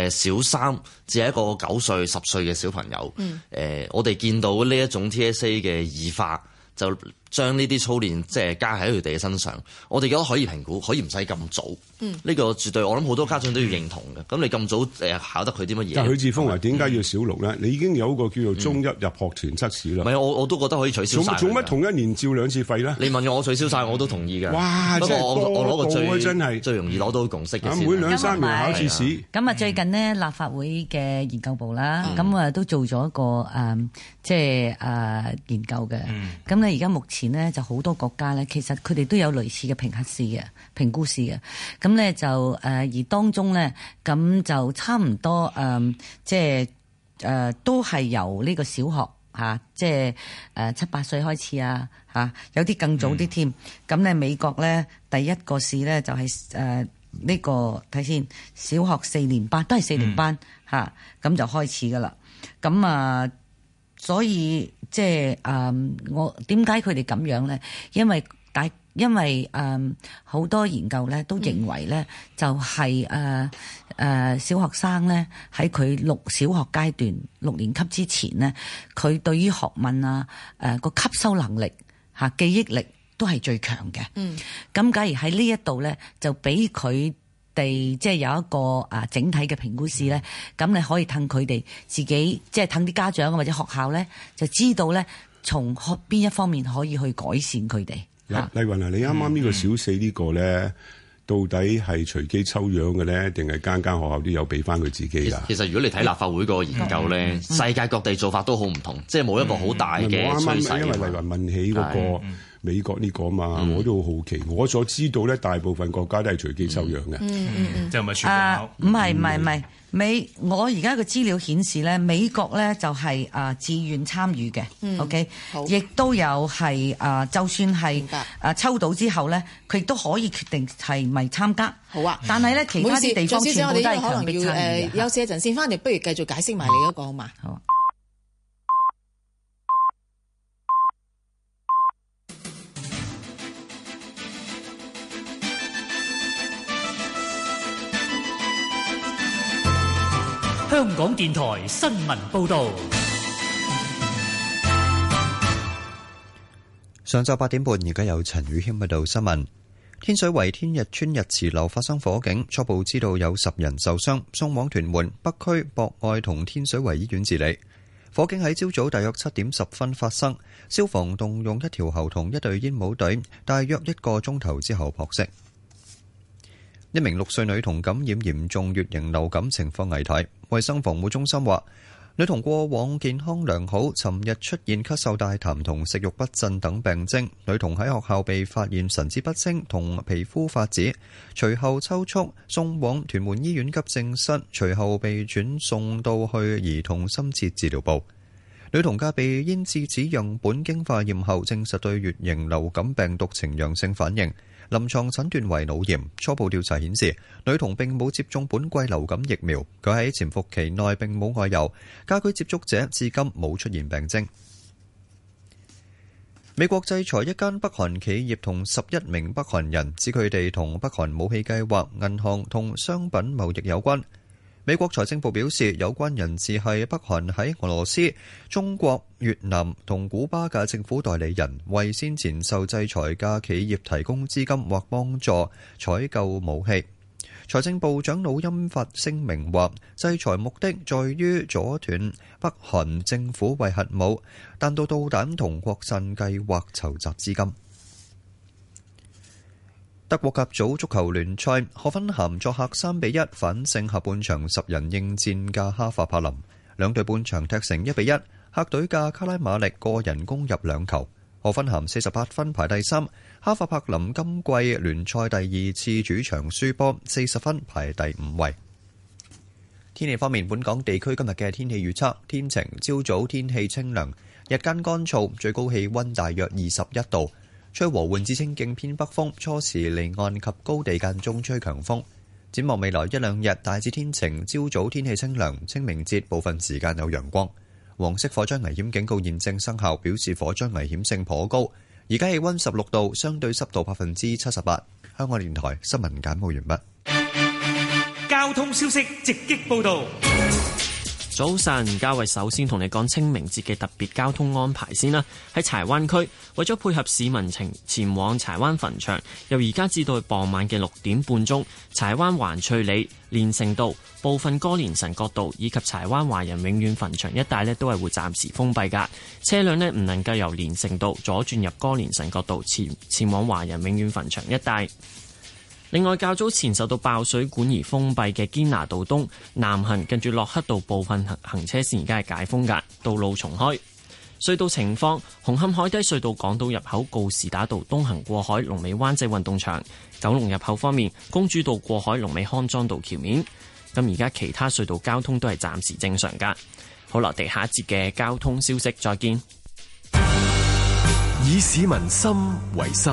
誒小三只係一個九歲、十歲嘅小朋友，誒、嗯呃、我哋見到呢一種 TSA 嘅異化就。將呢啲操練即係加喺佢哋嘅身上，我哋都可以評估，可以唔使咁早。呢個絕對我諗好多家長都要認同嘅。咁你咁早誒考得佢啲乜嘢？許智峯話：點解要小六咧？你已經有個叫做中一入學前測試啦。唔係，我我都覺得可以取消晒。做乜同一年照兩次費咧？你問我取消晒，我都同意嘅。哇！即係我我攞個最最容易攞到共識嘅先。每兩三年考一次試。咁啊，最近呢立法會嘅研究部啦，咁啊都做咗一個誒，即係誒研究嘅。咁你而家目前。前咧就好多國家咧，其實佢哋都有類似嘅評核試嘅評估試嘅，咁咧就誒而當中咧，咁就差唔多誒、呃，即係誒、呃、都係由呢個小學嚇、啊，即係誒七八歲開始啊嚇，有啲更早啲添。咁咧、嗯、美國咧第一個試咧就係誒呢個睇先，小學四年班都係四年班嚇，咁、嗯啊、就開始噶啦。咁啊，所以。即係誒，我點解佢哋咁樣咧？因為大，因為誒好、嗯、多研究咧都認為咧、就係，就係誒誒小學生咧喺佢六小學階段六年級之前咧，佢對於學問啊誒個吸收能力嚇，記憶力都係最強嘅。嗯，咁假如喺呢一度咧，就俾佢。地即係有一個啊整體嘅評估試咧，咁、嗯、你可以氹佢哋自己，即係氹啲家長或者學校咧，就知道咧從學邊一方面可以去改善佢哋。麗雲啊，你啱啱呢個小四呢、這個咧，嗯、到底係隨機抽樣嘅咧，定係間間學校都有俾翻佢自己㗎？其實如果你睇立法會個研究咧，嗯、世界各地做法都好唔同，嗯、即係冇一個好大嘅趨勢，嗯、因為麗雲問起嗰、那個嗯美國呢個啊嘛，我都好好奇。我所知道咧，大部分國家都係隨機收養嘅，就咪全部。唔係唔係唔係，美我而家個資料顯示咧，美國咧就係啊，自願參與嘅。O K，好，亦都有係啊，就算係啊抽到之後咧，佢亦都可以決定係咪參加。好啊，但係咧，其他啲地方我哋都係可能要呃有休息陣先，翻嚟不如繼續解釋埋你嗰個好嘛？好。香港電台新聞報道：上晝八點半，而家有陳宇謙報道新聞。天水圍天日村日池樓發生火警，初步知道有十人受傷，送往屯門北區博愛同天水圍醫院治理。火警喺朝早大約七點十分發生，消防動用一條喉同一隊煙帽隊，大約一個鐘頭之後撲熄。一名六歲女童感染嚴重，乙型流感情況危殆。衛生防護中心話，女童過往健康良好，尋日出現咳嗽、帶痰同食欲不振等病徵。女童喺學校被發現神志不清同皮膚發紫，隨後抽搐，送往屯門醫院急症室，隨後被轉送到去兒童深切治療部。女童家被煙氏指樣本經化驗後證實對乙型流感病毒呈陽性反應。臨牀診斷為腦炎，初步調查顯示女童並冇接種本季流感疫苗，佢喺潛伏期內並冇外遊，家居接觸者至今冇出現病徵。美國制裁一間北韓企業同十一名北韓人，指佢哋同北韓武器計劃、銀行同商品貿易有關。美國財政部表示，有關人士係北韓喺俄羅斯、中國、越南同古巴嘅政府代理人，為先前受制裁嘅企業提供資金或幫助採購武器。財政部長魯欽發聲明話，制裁目的在於阻斷北韓政府為核武、彈道導彈同國陣計劃籌集資金。德國甲組足球聯賽，霍芬咸作客三比一反勝，下半場十人應戰嘅哈法柏林，兩隊半場踢成一比一，客隊嘅卡拉馬力個人攻入兩球，霍芬咸四十八分排第三，哈法柏林今季聯賽第二次主場輸波，四十分排第五位。天氣方面，本港地區今日嘅天氣預測：天晴，朝早天氣清涼，日間乾燥，最高氣温大約二十一度。吹和緩至清勁偏北風，初時離岸及高地間中吹強風。展望未來一兩日大致天晴，朝早天氣清涼。清明節部分時間有陽光。黃色火災危險警告現正生效，表示火災危險性頗高。而家氣溫十六度，相對濕度百分之七十八。香港電台新聞簡報完畢。交通消息直擊報道。早晨，家偉首先同你講清明節嘅特別交通安排先啦。喺柴灣區，為咗配合市民情前往柴灣墳場，由而家至到傍晚嘅六點半鐘，柴灣環翠里、連城道部分、歌連臣角道以及柴灣華人永遠墳場一帶呢，都係會暫時封閉㗎。車輛呢，唔能夠由連城道左轉入歌連臣角道，前前往華人永遠墳場一帶。另外，較早前受到爆水管而封閉嘅堅拿道東南行，近住駱克道部分行行車線，而家係解封㗎，道路重開。隧道情況，紅磡海底隧道港島入口告士打道東行過海，龍尾灣仔運動場、九龍入口方面，公主道過海，龍尾康莊道橋面。咁而家其他隧道交通都係暫時正常㗎。好啦，地下一節嘅交通消息，再見。以市民心為心。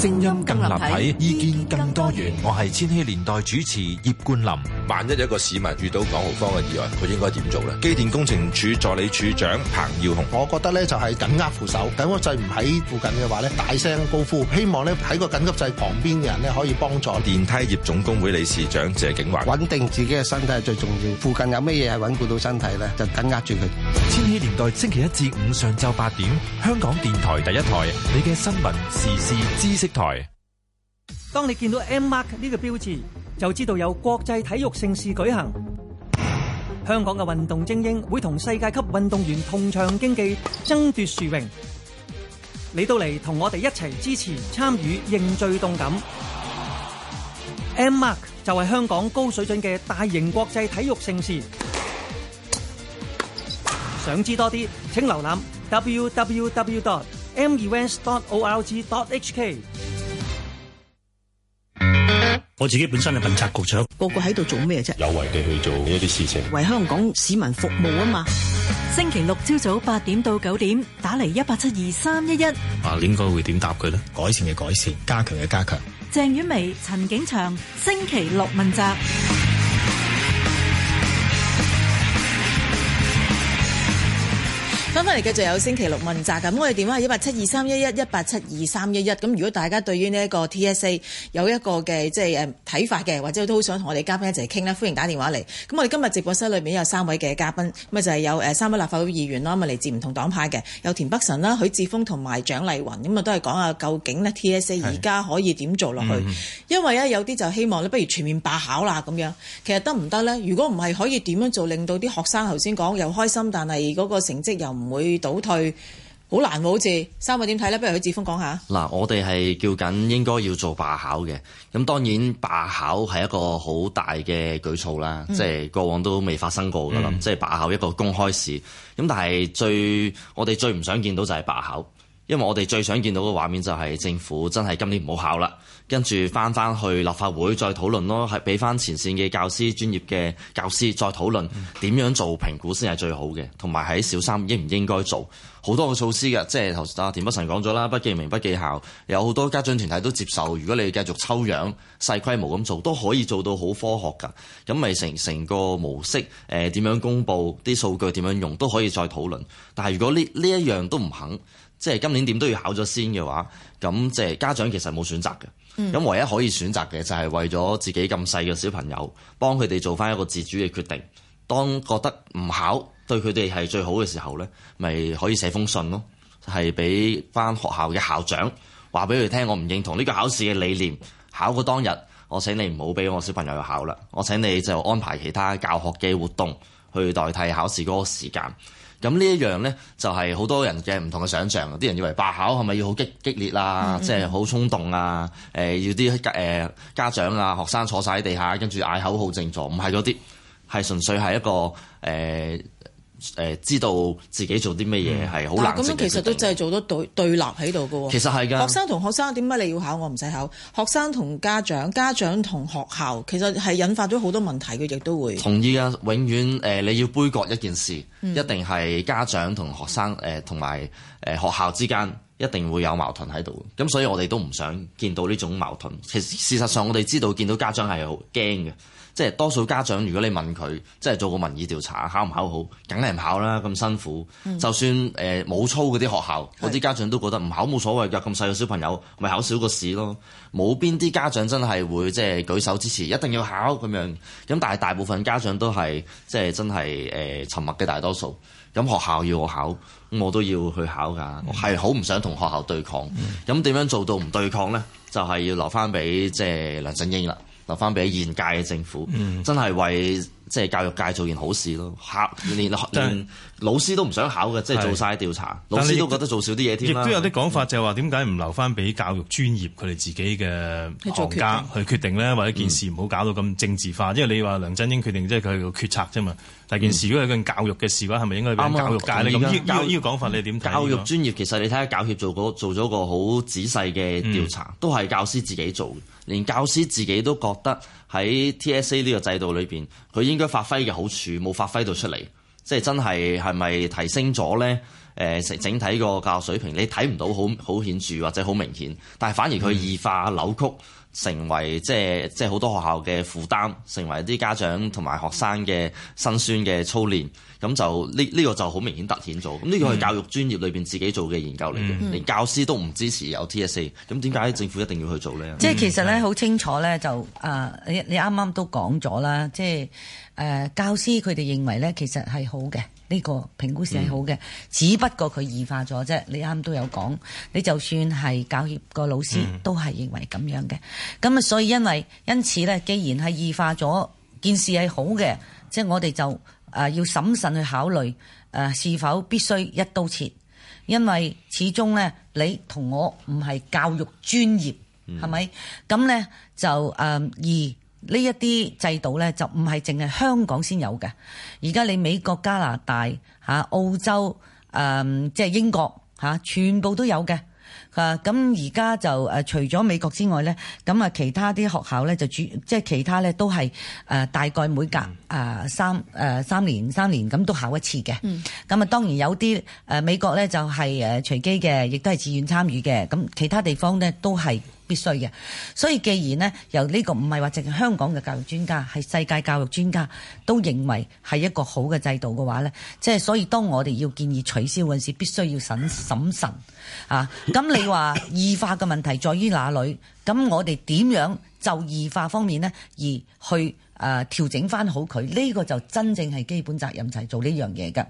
聲音更立體，體意見更多元。我係千禧年代主持葉冠霖。萬一一個市民遇到港澳方嘅意外，佢應該點做咧？機電工程署助理署長彭耀雄，我覺得咧就係緊握扶手，緊急掣唔喺附近嘅話咧，大聲高呼，希望咧喺個緊急掣旁邊嘅人咧可以幫助。電梯業總工會理事長謝景華，穩定自己嘅身體係最重要。附近有咩嘢係穩固到身體咧？就緊握住佢。千禧年代星期一至五上晝八點，香港電台第一台，你嘅新聞時事知識。臺。當你見到 M Mark 呢個標誌，就知道有國際體育盛事舉行。香港嘅運動精英會同世界級運動員同場競技，爭奪殊榮。你到嚟同我哋一齊支持、參與、認最動感。 M Mark 就係香港高水準嘅大型國際體育盛事。 想知多啲，請瀏覽 www.dot。mevents.org.hk，我自己本身係問責局長，個個喺度做咩啫？有為地去做一啲事情，為香港市民服務啊嘛！星期六朝早八點到九點，打嚟，一八七二三一一。啊應該會點答佢咧？改善嘅改善，加強嘅加強。鄭婉薇、陳景祥，星期六問責。翻返嚟，繼續有星期六問責。咁，我哋電話係一八七二三一一一八七二三一一。咁如果大家對於呢一個 TSA 有一個嘅即係誒睇法嘅，或者都好想同我哋嘉賓一齊傾咧，歡迎打電話嚟。咁我哋今日直播室裏面有三位嘅嘉賓，咁啊就係有誒、呃、三位立法會議員啦。咁啊嚟自唔同黨派嘅，有田北辰啦、啊、許智峯同埋蔣麗芸，咁啊都係講下究竟呢 TSA 而家可以點做落去？嗯、因為咧、啊、有啲就希望咧，不如全面罷考啦咁樣，其實得唔得咧？如果唔係，可以點樣做令到啲學生頭先講又開心，但係嗰個成績又唔會倒退，難好難好似三位點睇咧？不如許智峯講下。嗱，我哋係叫緊應該要做罷考嘅，咁當然罷考係一個好大嘅舉措啦，嗯、即係過往都未發生過噶啦，嗯、即係罷考一個公開試。咁但係最我哋最唔想見到就係罷考，因為我哋最想見到嘅畫面就係政府真係今年唔好考啦。跟住翻翻去立法會再討論咯，係俾翻前線嘅教師專業嘅教師再討論點樣做評估先係最好嘅，同埋喺小三應唔應該做好多個措施㗎，即係頭先啊田北辰講咗啦，不記名不記校，有好多家長團體都接受。如果你繼續抽樣細規模咁做，都可以做到好科學㗎。咁咪成成個模式誒點樣公佈啲數據點樣用都可以再討論。但係如果呢呢一樣都唔肯，即係今年點都要考咗先嘅話，咁即係家長其實冇選擇嘅。咁唯一可以選擇嘅就係為咗自己咁細嘅小朋友，幫佢哋做翻一個自主嘅決定。當覺得唔考對佢哋係最好嘅時候咧，咪可以寫封信咯，係俾翻學校嘅校長話俾佢聽，我唔認同呢個考試嘅理念。考個當日，我請你唔好俾我小朋友去考啦。我請你就安排其他教學嘅活動去代替考試嗰個時間。咁呢一樣咧，就係好多人嘅唔同嘅想像。啲人以為罷考係咪要好激，激烈啊，即係好衝動啊，誒要啲誒家長啊學生坐晒喺地下，跟住嗌口號靜坐。唔係嗰啲，係純粹係一個誒。呃誒知道自己做啲咩嘢係好難，嗱咁、嗯、樣其實都即係做到對對立喺度嘅喎。其實係㗎學生同學生，點解你要考我唔使考？學生同家長、家長同學校，其實係引發咗好多問題。佢亦都會同意啊！永遠誒、呃、你要杯葛一件事，嗯、一定係家長同學生誒同埋誒學校之間。一定會有矛盾喺度嘅，咁所以我哋都唔想見到呢種矛盾。其實事實上，我哋知道見到家長係好驚嘅，即係多數家長如果你問佢，即係做個民意調查考唔考好，梗係唔考啦，咁辛苦，嗯、就算誒冇、呃、操嗰啲學校，嗰啲是家長都覺得唔考冇所謂㗎，咁細個小朋友咪考少個試咯，冇邊啲家長真係會即係舉手支持一定要考咁樣，咁但係大部分家長都係即係真係誒、呃、沉默嘅大多數，咁學校要我考。我都要去考㗎，我係好唔想同學校對抗。咁點、嗯、樣做到唔對抗咧？就係、是、要留翻俾即係梁振英啦，留翻俾現屆嘅政府，嗯、真係為。即係教育界做件好事咯，考連老師都唔想考嘅，即係做晒調查，是老師都覺得做少啲嘢添。亦都有啲講法，就係話點解唔留翻俾教育專業佢哋自己嘅行家去決定咧？嗯、或者件事唔好搞到咁政治化，因為你話梁振英決定即係佢個決策啫嘛。但件事如果係跟教育嘅事嘅話，係咪應該啱教育界咧？咁呢、嗯嗰個呢教講法你點？教育專業其實你睇下教協做做咗個好仔細嘅調查，嗯、都係教師自己做。連教師自己都覺得喺 TSA 呢個制度裏邊，佢應該發揮嘅好處冇發揮到出嚟，即係真係係咪提升咗呢？誒整體個教育水平你睇唔到好好顯著或者好明顯，但係反而佢異化扭曲。嗯成為即係即係好多學校嘅負擔，成為啲家長同埋學生嘅辛酸嘅操練，咁就呢呢、呢個就好明顯突顯咗。咁呢個係教育專業裏邊自己做嘅研究嚟嘅，嗯、連教師都唔支持有 TSA，咁點解政府一定要去做呢？即係其實呢，好清楚呢，就啊，你你啱啱都講咗啦，即係誒教師佢哋認為呢，其實係好嘅。呢個評估試係好嘅，嗯、只不過佢異化咗啫。你啱啱都有講，你就算係教協個老師、嗯、都係認為咁樣嘅。咁啊，所以因為因此咧，既然係異化咗，件事係好嘅，即係我哋就誒、呃、要審慎去考慮誒、呃、是否必須一刀切，因為始終咧你同我唔係教育專業，係咪、嗯？咁咧就誒二。呃呢一啲制度咧就唔係淨係香港先有嘅，而家你美國、加拿大、嚇澳洲、誒即係英國嚇，全部都有嘅。啊，咁而家就誒除咗美國之外咧，咁啊其他啲學校咧就主即係其他咧都係誒大概每隔誒三誒三年三年咁都考一次嘅。咁啊、嗯、當然有啲誒美國咧就係誒隨機嘅，亦都係自願參與嘅。咁其他地方咧都係。必須嘅，所以既然呢、這個，由呢個唔係話淨係香港嘅教育專家，係世界教育專家都認為係一個好嘅制度嘅話呢，即係所以當我哋要建議取消嗰時，必須要審審慎啊。咁你話異化嘅問題在於哪裏？咁我哋點樣就異化方面呢而去誒、呃、調整返好佢？呢、這個就真正係基本責任就係、是、做呢樣嘢嘅。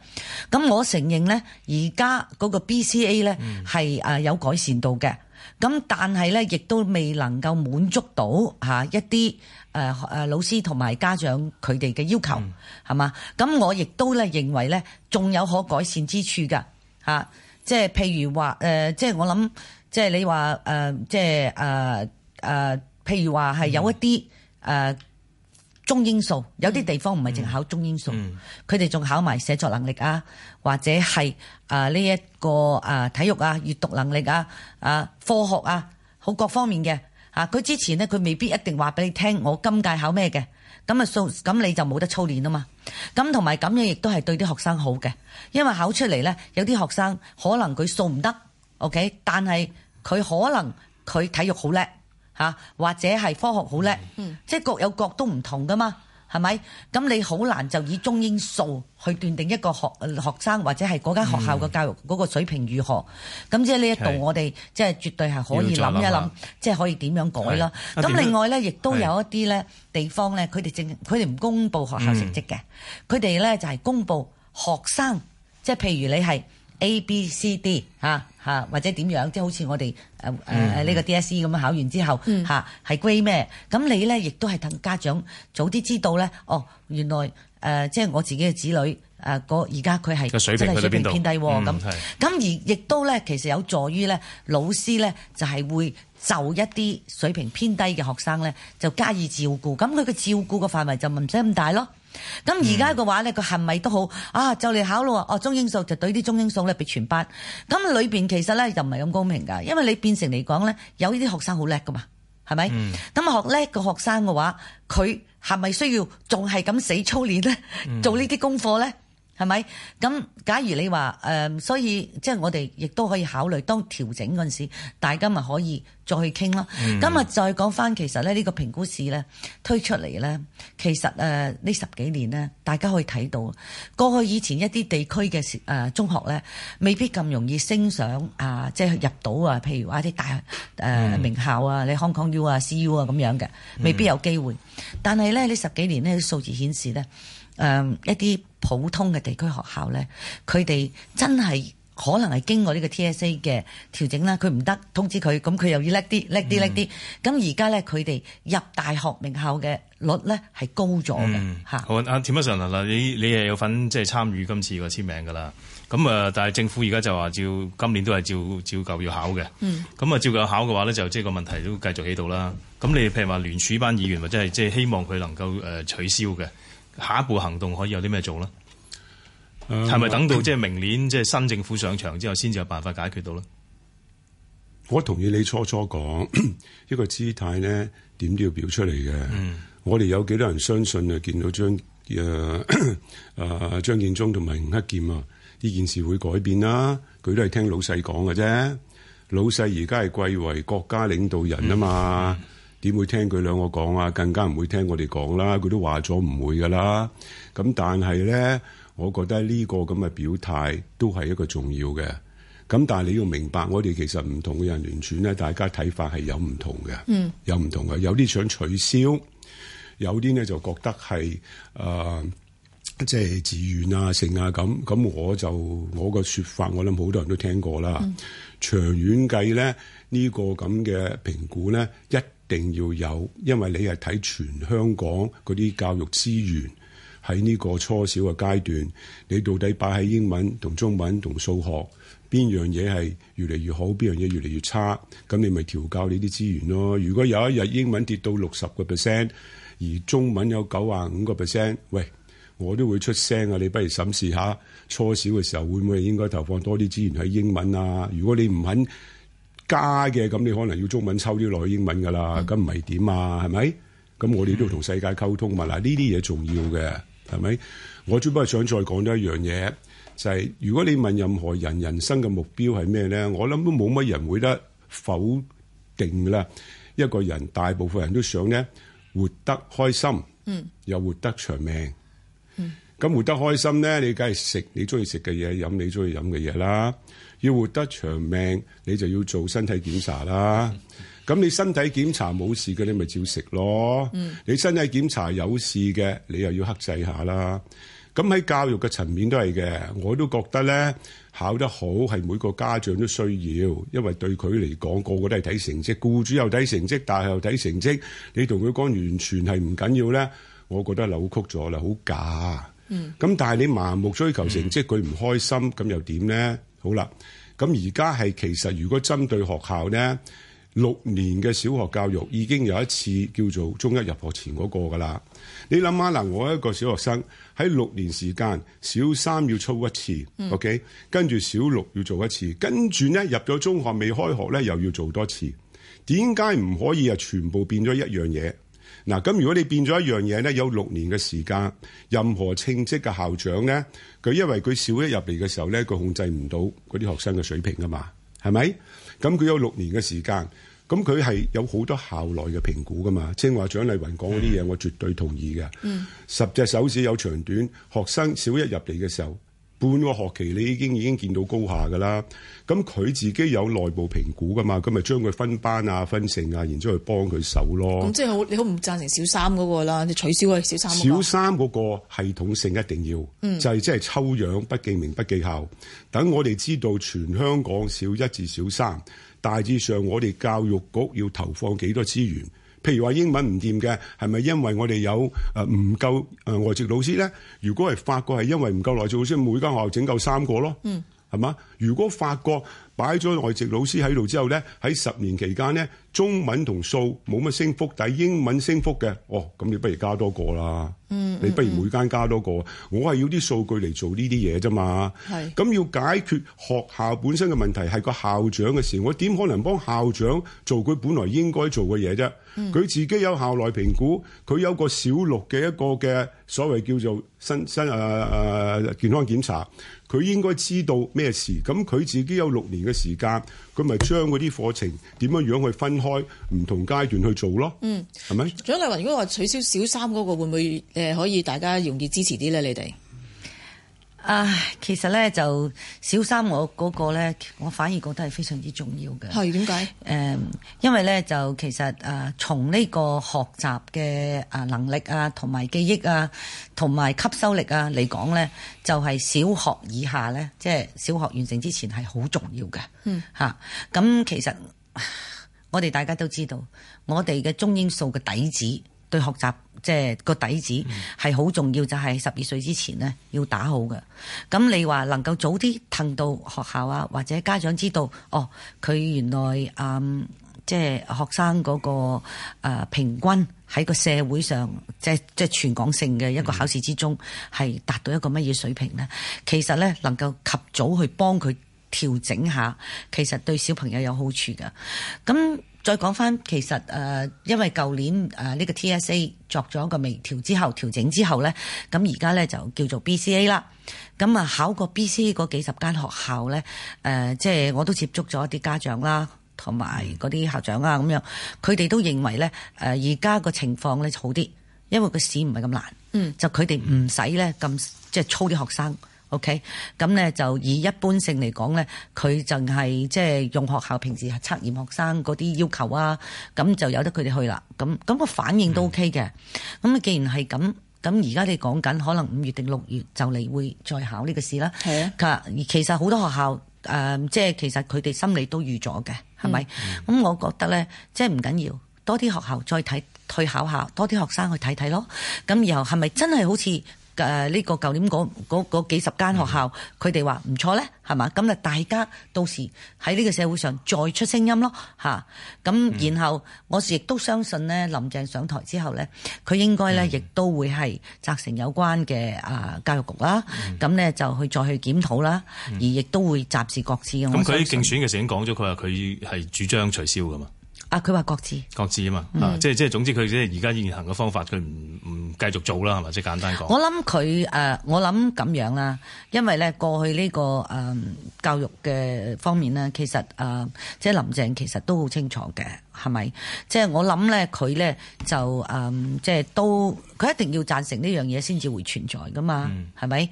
咁我承認呢，而家嗰個 BCA 呢係誒、呃嗯、有改善到嘅。咁但係咧，亦都未能夠滿足到嚇一啲誒誒老師同埋家長佢哋嘅要求，係嘛，嗯？咁我亦都咧認為咧，仲有可改善之處噶嚇、啊，即係譬如話誒，即係我諗，即係你話誒，即係誒誒，譬如話係、呃呃呃、有一啲誒。嗯呃中英數有啲地方唔係淨考中英數，佢哋仲考埋寫作能力啊，或者係啊呢一個啊、呃、體育啊、閱讀能力啊、啊、呃、科學啊，好各方面嘅。啊，佢之前咧，佢未必一定話俾你聽我今屆考咩嘅，咁啊數，咁你就冇得操練啊嘛。咁同埋咁樣亦都係對啲學生好嘅，因為考出嚟咧，有啲學生可能佢數唔得，OK，但係佢可能佢體育好叻。嚇，或者係科學好叻，嗯、即係各有各都唔同噶嘛，係咪？咁你好難就以中英數去斷定一個學、呃、學生或者係嗰間學校嘅教育嗰、嗯、個水平如何？咁即係呢一度我哋即係絕對係可以諗是一諗，想一想即係可以點樣改啦。咁、啊、另外咧，亦都有一啲咧地方咧，佢哋是正佢哋唔公布學校成績嘅，佢哋咧就係、是、公布學生，即係譬如你係。A、B、C、D 嚇、啊、嚇，或者點樣？即係好似我哋誒誒誒呢個 DSE 咁樣考完之後嚇，係 grade 咩？咁、啊、你咧亦都係等家長早啲知道咧。哦，原來誒、呃、即係我自己嘅子女誒，個而家佢係即係水平偏低喎。咁咁、嗯、而亦都咧，其實有助於咧，老師咧就係、是、會就一啲水平偏低嘅學生咧，就加以照顧。咁佢嘅照顧嘅範圍就唔使咁大咯。咁而家嘅話咧，佢係咪都好啊？就嚟考咯，哦、啊，中英數就對啲中英數咧俾全班。咁裏邊其實咧就唔係咁公平噶，因為你變成嚟講咧，有呢啲學生好叻噶嘛，係咪？咁、嗯、學叻嘅、那個、學生嘅話，佢係咪需要仲係咁死操練咧，嗯、做呢啲功課咧？係咪？咁假如你話誒，所以即係我哋亦都可以考慮當調整嗰陣時，大家咪可以再去傾咯。今日再講返其實咧，呢個評估試咧推出嚟咧，其實誒呢十幾年咧，大家可以睇到過去以前一啲地區嘅誒中學咧，未必咁容易升上啊，即係入到啊，譬如話一啲大誒名校啊，你 Hong Kong U 啊、CU 啊咁樣嘅，未必有機會。但係咧呢十幾年咧，數字顯示咧誒一啲。普通嘅地區學校咧，佢哋真係可能係經過呢個 TSA 嘅調整啦，佢唔得通知佢，咁佢又要叻啲，叻啲，叻啲。咁而家咧，佢哋入大學名校嘅率咧係高咗嘅吓。好、嗯、啊，阿田北辰嗱你你係有份即係、就是、參與今次個簽名㗎啦。咁啊、呃，但係政府而家就話照今年都係照照舊要考嘅。咁啊、嗯，照舊考嘅話咧，就，就即係個問題都繼續喺度啦。咁你譬如話聯署班議員或者係即係希望佢能夠誒取消嘅。下一步行動可以有啲咩做咧？係咪、嗯、等到即係明年即係新政府上場之後，先至有辦法解決到咧？我同意你初初講 一個姿態咧，點都要表出嚟嘅。嗯、我哋有幾多人相信啊？見到張誒誒、呃 呃、張建宗同埋吳克儉啊，呢件事會改變啦、啊？佢都係聽老細講嘅啫。老細而家係貴為國家領導人啊嘛。嗯嗯點會聽佢兩個講啊？更加唔會聽我哋講、啊、啦！佢都話咗唔會噶啦。咁但係咧，我覺得呢個咁嘅表態都係一個重要嘅。咁但係你要明白，我哋其實唔同嘅人聯轉咧，大家睇法係有唔同嘅、嗯，有唔同嘅。有啲想取消，有啲咧就覺得係誒、呃，即係自願啊、剩啊咁。咁我就我個説法，我諗好多人都聽過啦。嗯、長遠計咧，呢、呢個咁嘅評估咧一一定要有，因為你係睇全香港嗰啲教育資源喺呢個初小嘅階段，你到底擺喺英文同中文同數學邊樣嘢係越嚟越好，邊樣嘢越嚟越差，咁你咪調教你啲資源咯。如果有一日英文跌到六十個 percent，而中文有九啊五個 percent，喂，我都會出聲啊！你不如審視下初小嘅時候會唔會應該投放多啲資源喺英文啊？如果你唔肯，加嘅，咁你可能要中文抽啲落去英文㗎喇，咁唔係點啊？係咪？咁我哋都要同世界溝通嘛。嗱，呢啲嘢重要嘅係咪？我最不過想再講多一樣嘢，就係如果你問任何人人生嘅目標係咩咧，我諗都冇乜人會得否定啦。一個人大部分人都想咧，活得開心，嗯，又活得長命。咁活得開心咧，你梗係食你中意食嘅嘢，飲你中意飲嘅嘢啦。要活得長命，你就要做身體檢查啦。咁 你身體檢查冇事嘅，你咪照食咯。嗯、你身體檢查有事嘅，你又要克制下啦。咁喺教育嘅層面都係嘅，我都覺得咧考得好係每個家長都需要，因為對佢嚟講個個都係睇成績。僱主又睇成績，大學又睇成績。你同佢講完全係唔緊要咧，我覺得扭曲咗啦，好假。咁、嗯、但係你盲目追求成績，佢唔、嗯、開心，咁又點呢？好啦，咁而家係其實如果針對學校呢，六年嘅小學教育已經有一次叫做中一入學前嗰個噶啦。你諗下嗱，我一個小學生喺六年時間，小三要操一次、嗯、，OK，跟住小六要做一次，跟住呢入咗中學未開學呢，又要做多次，點解唔可以啊？全部變咗一樣嘢？嗱，咁如果你變咗一樣嘢咧，有六年嘅時間，任何稱職嘅校長咧，佢因為佢小一入嚟嘅時候咧，佢控制唔到嗰啲學生嘅水平噶嘛，係咪？咁佢有六年嘅時間，咁佢係有好多校內嘅評估噶嘛，正話蔣麗芸講嗰啲嘢，嗯、我絕對同意嘅。嗯，十隻手指有長短，學生小一入嚟嘅時候。半個學期你已經已經見到高下嘅啦，咁佢自己有內部評估嘅嘛，咁咪將佢分班啊、分成啊，然之後去幫佢手咯。咁即係你好唔贊成小三嗰個啦，你取消啊小三、那個。小三嗰個系統性一定要，嗯、就係即係抽樣不記名不記效，等我哋知道全香港小一至小三大致上我哋教育局要投放幾多資源。譬如話英文唔掂嘅，係咪因為我哋有誒唔、呃、夠誒、呃、外籍老師咧？如果係法國係因為唔夠內籍老師，每間學校整夠三個咯，係嘛、嗯？如果法國，擺咗外籍老師喺度之後咧，喺十年期間咧，中文同數冇乜升幅，但係英文升幅嘅。哦，咁你不如加多個啦、嗯。嗯，你不如每間加多個。我係要啲數據嚟做呢啲嘢啫嘛。係是。咁要解決學校本身嘅問題係個校長嘅事，我點可能幫校長做佢本來應該做嘅嘢啫？佢、嗯、自己有校內評估，佢有個小六嘅一個嘅所謂叫做新新誒誒健康檢查。佢應該知道咩事？咁佢自己有六年嘅時間，佢咪將嗰啲課程點樣樣去分開唔同階段去做咯，係咪、嗯？是是蔣麗芸，如果話取消小三嗰、那個，會唔會誒、呃、可以大家容易支持啲咧？你哋？啊，其實咧就小三我嗰個咧，我反而覺得係非常之重要嘅。係點解？誒，因為咧就其實啊，從呢個學習嘅啊能力啊，同埋記憶啊，同埋吸收力啊嚟講咧，就係、是、小學以下咧，即、就、係、是、小學完成之前係好重要嘅。嗯、啊。嚇，咁其實、啊、我哋大家都知道，我哋嘅中英數嘅底子。對學習即係個底子係好重要，就係十二歲之前呢，要打好嘅。咁你話能夠早啲騰到學校啊，或者家長知道哦，佢原來嗯即係、就是、學生嗰、那個誒、呃、平均喺個社會上即係即係全港性嘅一個考試之中係達、嗯、到一個乜嘢水平呢？其實呢，能夠及早去幫佢調整下，其實對小朋友有好處嘅。咁再講返，其實誒、呃，因為舊年誒呢、呃這個 T S A 作咗一個微調之後調整之後呢，咁而家呢就叫做 B C A 啦。咁、嗯、啊，考過 B C A 嗰幾十間學校呢，誒、呃，即係我都接觸咗一啲家長啦，同埋嗰啲校長啊，咁樣佢哋都認為呢，誒、呃，而家個情況呢好啲，因為個試唔係咁難，嗯，就佢哋唔使呢咁即係操啲學生。OK，咁咧就以一般性嚟講咧，佢淨係即係用學校平時測驗學生嗰啲要求啊，咁就由得佢哋去啦。咁咁個反應都 OK 嘅。咁啊，既然係咁，咁而家你講緊可能五月定六月就嚟會再考呢個試啦。係啊。咁其實好多學校誒，即、呃、係其實佢哋心理都預咗嘅，係咪？咁、嗯、我覺得咧，即係唔緊要，多啲學校再睇退考下，多啲學生去睇睇咯。咁然後係咪真係好似？誒呢個舊年嗰幾十間學校，佢哋話唔錯咧，係嘛？咁咧大家到時喺呢個社會上再出聲音咯，嚇、啊！咁然後我亦都相信呢，林鄭上台之後呢，佢應該呢亦都會係責成有關嘅啊教育局啦，咁呢、嗯啊、就去再去檢討啦，嗯、而亦都會集思各志。咁佢喺競選嘅時候已經講咗，佢話佢係主張取消㗎嘛。啊！佢話各自，各自啊嘛，嗯、啊即係即係，總之佢即係而家現行嘅方法，佢唔唔繼續做啦，係咪即係簡單講、呃。我諗佢誒，我諗咁樣啦，因為咧過去呢、這個誒、呃、教育嘅方面咧，其實誒、呃、即係林鄭其實都好清楚嘅。係咪？即係我諗咧，佢咧就誒、嗯，即係都佢一定要贊成呢樣嘢先至會存在㗎嘛？係咪？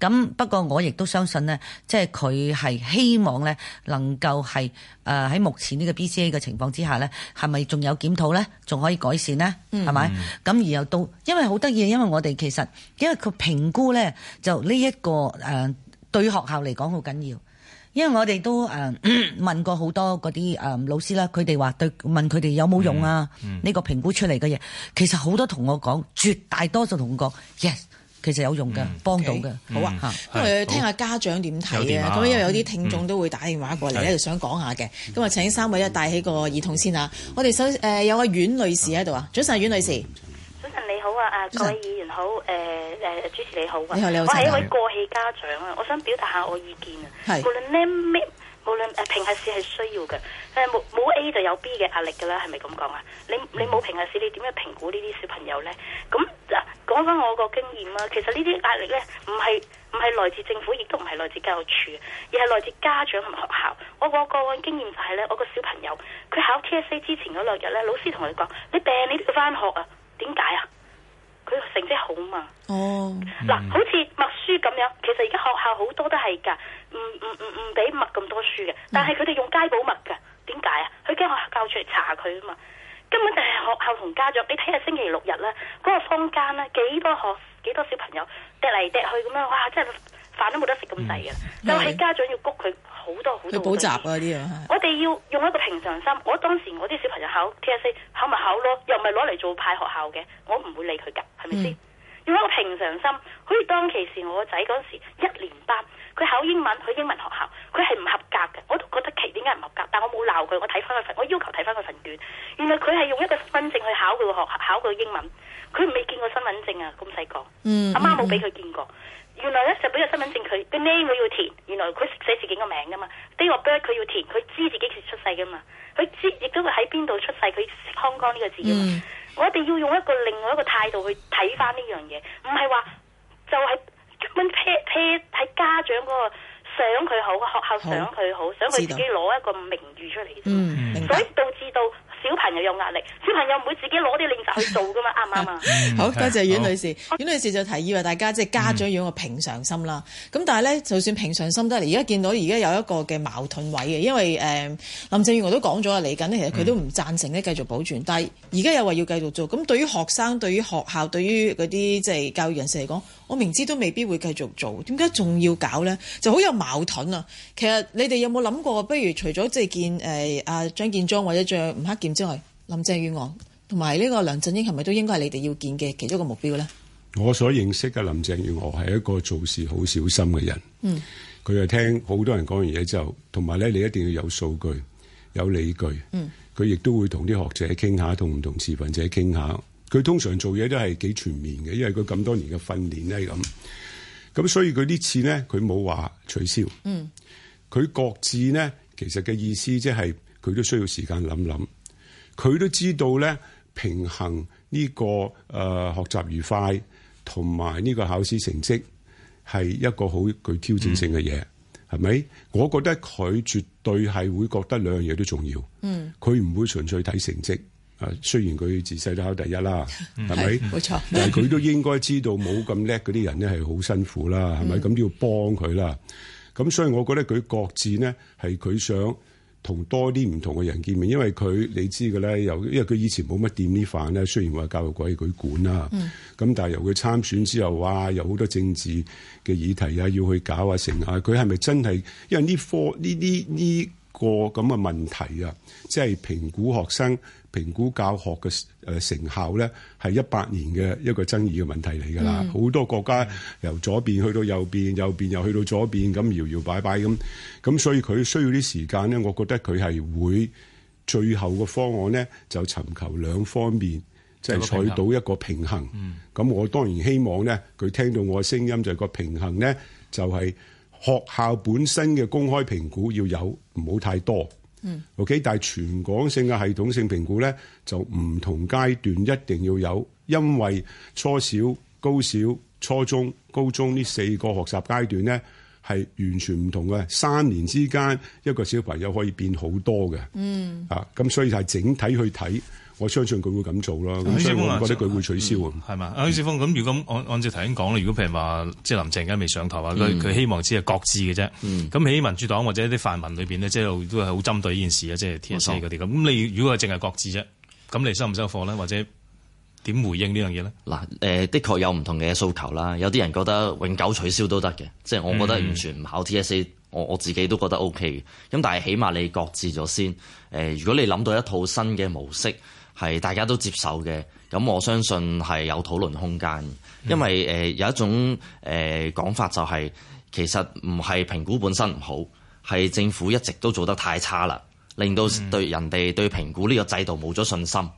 咁、嗯、不過我亦都相信咧，即係佢係希望咧能夠係誒喺目前呢個 BCA 嘅情況之下咧，係咪仲有檢討咧？仲可以改善咧？係咪？咁而又到，因為好得意，因為我哋其實因為佢評估咧，就呢、這、一個誒、呃、對學校嚟講好緊要。因為我哋都誒、呃、問過好多嗰啲誒老師啦，佢哋話對問佢哋有冇用啊？呢、嗯嗯、個評估出嚟嘅嘢，其實好多同我講，絕大多數同我講 yes，其實有用噶，幫、嗯、到噶、嗯。好啊，不如是聽下家長點睇啊？咁因為有啲聽眾都會打電話過嚟咧，就、嗯、想講下嘅。咁啊，請三位咧帶起個耳筒先啊。我哋首先誒有個阮女士喺度啊，早晨，阮女士。好啊！啊，各位議員好，誒、呃、誒，主持好、啊、你好，你好我係一位過氣家長啊，我想表達下我意見啊。係是無論咩咩，無論評核試係需要嘅，誒冇冇 A 就有 B 嘅壓力噶啦，係咪咁講啊？你你冇評核試，你點樣評估呢啲小朋友咧？咁嗱，講、啊、翻我個經驗啦、啊。其實壓呢啲壓力咧，唔係唔係來自政府，亦都唔係來自教育處，而係來自家長同學校。我個過往經驗就係咧，我個小朋友佢考 T S A 之前嗰兩日咧，老師同佢講：你病你都要翻學啊？點解啊？佢成績好嘛？哦，嗱，好似默書咁樣，其實而家學校好多都係噶，唔唔唔唔俾默咁多書嘅，但係佢哋用街補默噶，點解啊？佢驚學校教出嚟查佢啊嘛，根本就係學校同家長，你睇下星期六日啦，嗰、嗰個坊間啦，幾多學幾多小朋友趯嚟趯去咁樣，哇！真係飯都冇得食咁滯嘅，就係、嗯、家長要谷佢。好多好多去補習啲啊，我哋要用一個平常心。我當時我啲小朋友考 TSA，考咪考咯，又咪攞嚟做派學校嘅，我唔會理佢噶，係咪先？嗯、用一個平常心，好似當其時我個仔嗰時一年班，佢考英文，去英，英文學校，佢係唔合格嘅，我都覺得奇，點解唔合格？但我冇鬧佢，我睇翻佢份，我要求睇翻佢份卷，原來佢係用一個身份證去考佢個學校，考佢個英文，佢未見過身份證啊，咁細個，阿媽冇俾佢見過。嗯原來咧，就俾個身份證佢，啲 name 我要填，原來佢寫自己個名噶嘛，啲 what birth 佢要填，佢知自己幾時出世噶嘛，佢知亦都會喺邊度出世，佢康江呢個字。嗯。我哋要用一個另外一個態度去睇翻呢樣嘢，唔係話就係專門撇撇喺家長嗰個想佢好，學校想佢好，好，好，想佢自己攞道一個名譽出嚟。嗯，明白。所以導致到。小朋友有壓力，小朋友唔會自己攞啲練習去做噶嘛？啱唔啱啊？好多謝阮女士。阮好女士就提議話大家即係家長要有個平常心啦。咁、嗯、但係咧，就算平常心得嚟，而家見到而家有一個嘅矛盾位嘅，因為誒、呃、林鄭月娥都講咗啊，嚟緊呢，其實佢都唔贊成咧繼續保存。嗯、但係而家又話要繼續做。咁對於學生、對於學校、對於嗰啲即係教育人士嚟講，我明知都未必會繼續做，點解仲要搞咧？就好有矛盾啊！其實你哋有冇諗過，不如除咗即係見誒阿、呃、張建宗或者仲有吳克儉？之林鄭月娥同埋呢個梁振英係咪都應該係你哋要見嘅其中一個目標咧？我所認識嘅林鄭月娥係一個做事好小心嘅人。嗯，佢又聽好多人講完嘢之後，同埋咧你一定要有數據、有理據。嗯，佢亦都會同啲學者傾下，同唔同持份者傾下。佢通常做嘢都係幾全面嘅，因為佢咁多年嘅訓練係咁。咁所以佢呢次呢，佢冇話取消。嗯，佢擱置呢，其實嘅意思即係佢都需要時間諗諗。佢都知道咧，平衡呢、呢個誒、呃、學習愉快同埋呢個考試成績係一個好具挑戰性嘅嘢，係咪、嗯？我覺得佢絕對係會覺得兩樣嘢都重要。嗯，佢唔會純粹睇成績。誒、啊，雖然佢自細都考第一啦，係咪、嗯吧？冇錯，但係佢都應該知道冇咁叻嗰啲人咧係好辛苦啦，係咪？咁、嗯、都要幫佢啦。咁所以我覺得佢各自咧係佢想同多啲唔同嘅人見面，因為佢你知嘅咧，由因為佢以前冇乜掂呢飯咧，雖然話教育局佢管啦，咁、嗯、但係由佢參選之後啊，有好多政治嘅議題啊，要去搞啊成啊，佢係咪真係因為呢科呢啲呢？個咁嘅問題啊，即係評估學生、評估教學嘅誒成效咧，係一百年嘅一個爭議嘅問題嚟㗎啦。好、嗯、多國家由左邊去到右邊，右邊又去到左邊，咁搖搖擺擺咁。咁所以佢需要啲時間咧，我覺得佢係會最後個方案咧，就尋求兩方面，即係取到一個平衡。嗯。咁我當然希望咧，佢聽到我嘅聲音就係、個平衡咧，就係、是。學校本身嘅公開評估要有，唔好太多。O K，、嗯、但係全港性嘅系統性評估咧，就唔同階段一定要有，因為初小、高小、初中、高中呢四個學習階段咧，係完全唔同嘅。三年之間，一個小朋友可以變好多嘅。嗯，啊，咁所以就係整體去睇。我相信佢會咁做啦，咁、嗯、所以我覺得佢會取消啊。係嘛、嗯，阿許智峯，咁如果按按照頭先講咧，如果譬如話即係林鄭而家未上台啊，佢、嗯、希望只係擱置嘅啫。咁喺、嗯、民主黨或者啲泛民裏邊呢，即係都係好針對呢件事啊，即係 TSA 嗰啲咁。你如果係淨係擱置啫，咁你收唔收貨呢？或者點回應呢樣嘢呢？嗱，誒，的確有唔同嘅訴求啦。有啲人覺得永久取消都得嘅，即係我覺得完全唔考 TSA 我、嗯、我自己都覺得 O K 嘅。咁但係起碼你擱置咗先。誒，如果你諗到一套新嘅模式。係大家都接受嘅，咁我相信係有討論空間。因為誒、呃、有一種誒講、呃、法就係、是，其實唔係評估本身唔好，係政府一直都做得太差啦。令到對人哋對評估呢個制度冇咗信心，咁、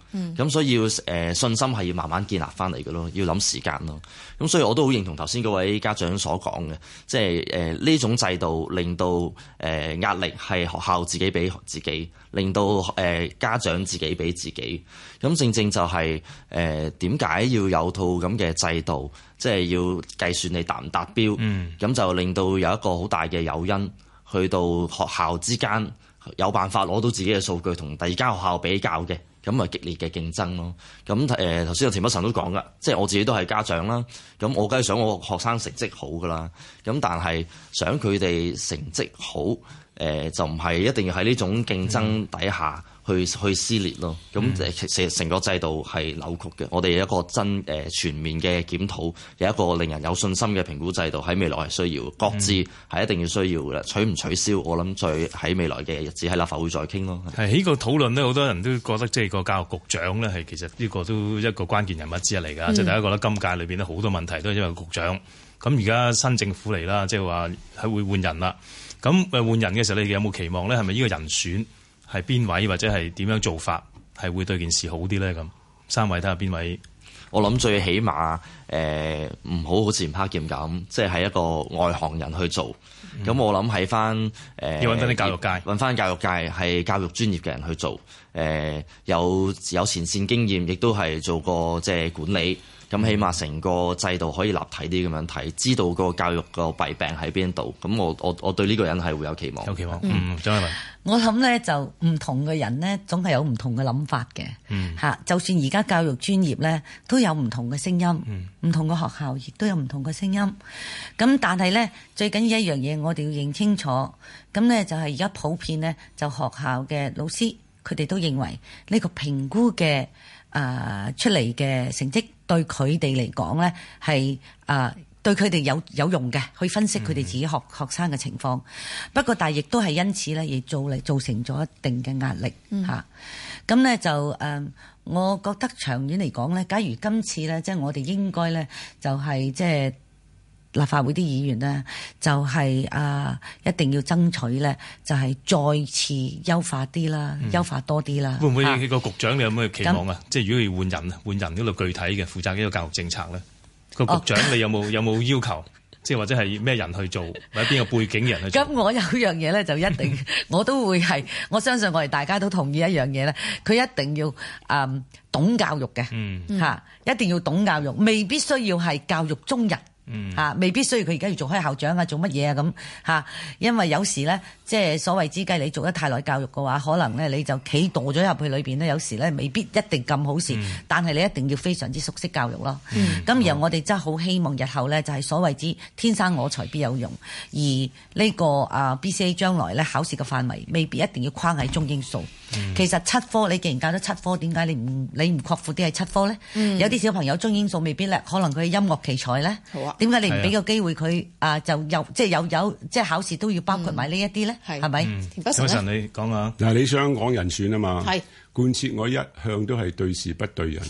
嗯、所以要誒信心係要慢慢建立返嚟嘅咯，要諗時間咯。咁所以我都好認同頭先嗰位家長所講嘅，即係誒呢種制度令到誒、呃、壓力係學校自己俾自己，令到誒、呃、家長自己俾自己。咁正正就係誒點解要有套咁嘅制度，即係要計算你達唔達標，咁、嗯、就令到有一個好大嘅誘因去到學校之間。有辦法攞到自己嘅數據同第二間學校比較嘅，咁咪激烈嘅競爭咯。咁誒頭先阿田北辰都講噶，即係我自己都係家長啦。咁我梗係想我學生成績好噶啦。咁但係想佢哋成績好，誒、呃、就唔係一定要喺呢種競爭底下。嗯去去撕裂咯，咁其實成個制度係扭曲嘅。我哋有一個真誒全面嘅檢討，有一個令人有信心嘅評估制度喺未來係需要，各自係一定要需要嘅啦。取唔取消，我諗在喺未來嘅日子喺立法會再傾咯。喺、呢個討論呢，好多人都覺得即係個教育局長呢，係其實呢個都一個關鍵人物之一嚟㗎。即係、嗯、大家覺得今屆裏邊呢，好多問題都係因為局長。咁而家新政府嚟啦，即係話係會換人啦。咁誒換人嘅時候，你有冇期望呢？係咪呢個人選？係邊位或者係點樣做法係會對件事好啲咧？咁三位睇下邊位？我諗最起碼誒唔、呃、好好似唔怕劍咁，即係係一個外行人去做。咁我諗喺翻誒，呃、要揾翻啲教育界，揾翻教育界係教，教育專業嘅人去做。誒、呃、有有前線經驗，亦都係做過即係管理。咁、嗯、起碼成個制度可以立體啲咁樣睇，知道個教育個弊病喺邊度。咁我我我對呢個人係會有期望，有期望。嗯，張愛文。 我諗咧就唔同嘅人咧，總係有唔同嘅諗法嘅，吓、嗯，就算而家教育專業咧都有唔同嘅聲音，嗯、唔同嘅學校亦都有唔同嘅聲音。咁但係咧最緊要一樣嘢，我哋要認清楚。咁咧就係而家普遍咧，就學校嘅老師，佢哋都認為呢個評估嘅誒、呃、出嚟嘅成績，對佢哋嚟講咧係誒。對佢哋有有用嘅，去分析佢哋自己學學生嘅情況。不過，但係亦都係因此咧，而做嚟造成咗一定嘅壓力吓。咁咧就誒，我覺得長遠嚟講咧，假如今次咧，即係我哋應該咧，就係即係立法會啲議員咧，就係啊，一定要爭取咧，就係再次優化啲啦，優化多啲啦。會唔會影響個局長？你有咩期望啊？即係如果要換人，換人呢度具體嘅負責呢個教育政策咧？個局長，你有冇，有冇要求？即係或者係咩人去做，或者邊個背景嘅人去做？咁我有樣嘢咧，就一定我都會係，我相信我哋大家都同意一樣嘢咧，佢一定要誒懂教育嘅，嗯，吓，一定要懂教育，未必需要係教育中人。嚇，嗯、未必需要佢而家要做開校長啊，做乜嘢啊咁嚇？因為有時咧，即係所謂之雞，你做得太耐教育嘅話，可能咧你就企袋咗入去裏邊咧，有時咧未必一定咁好事。嗯、但係你一定要非常之熟悉教育咯。咁而、嗯、我哋真係好希望日後咧就係所謂之天生我材必有用，而呢個啊 B C A 將來咧考試嘅範圍未必一定要框喺中英數。其實七科，你既然教得七科，點解你唔你唔擴闊啲係七科咧？有啲小朋友中英數未必叻，可能佢係音樂奇才咧。好啊，點解你唔俾個機會佢啊？就有即係有有即係考試都要包括埋呢一啲咧？係咪？頭先你講啊，嗱，你香港人選啊嘛，係貫徹我一向都係對事不對人，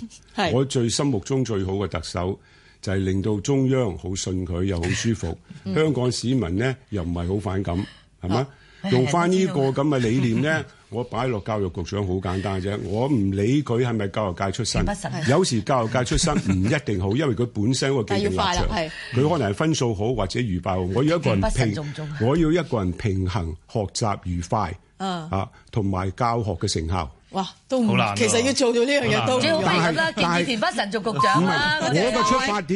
我最心目中最好嘅特首就係令到中央好信佢又好舒服，香港市民咧又唔係好反感，係嘛？用翻呢個咁嘅理念咧，我擺落教育局長好簡單啫。我唔理佢係咪教育界出身，有時教育界出身唔一定好，因為佢本身個技能長，佢可能係分數好或者愉快。我要一個人平，我要一個人平衡學習愉快。啊，同埋教學嘅成效。哇，都唔，其實要做到呢樣嘢都，但係但田北辰做局長我個出發點。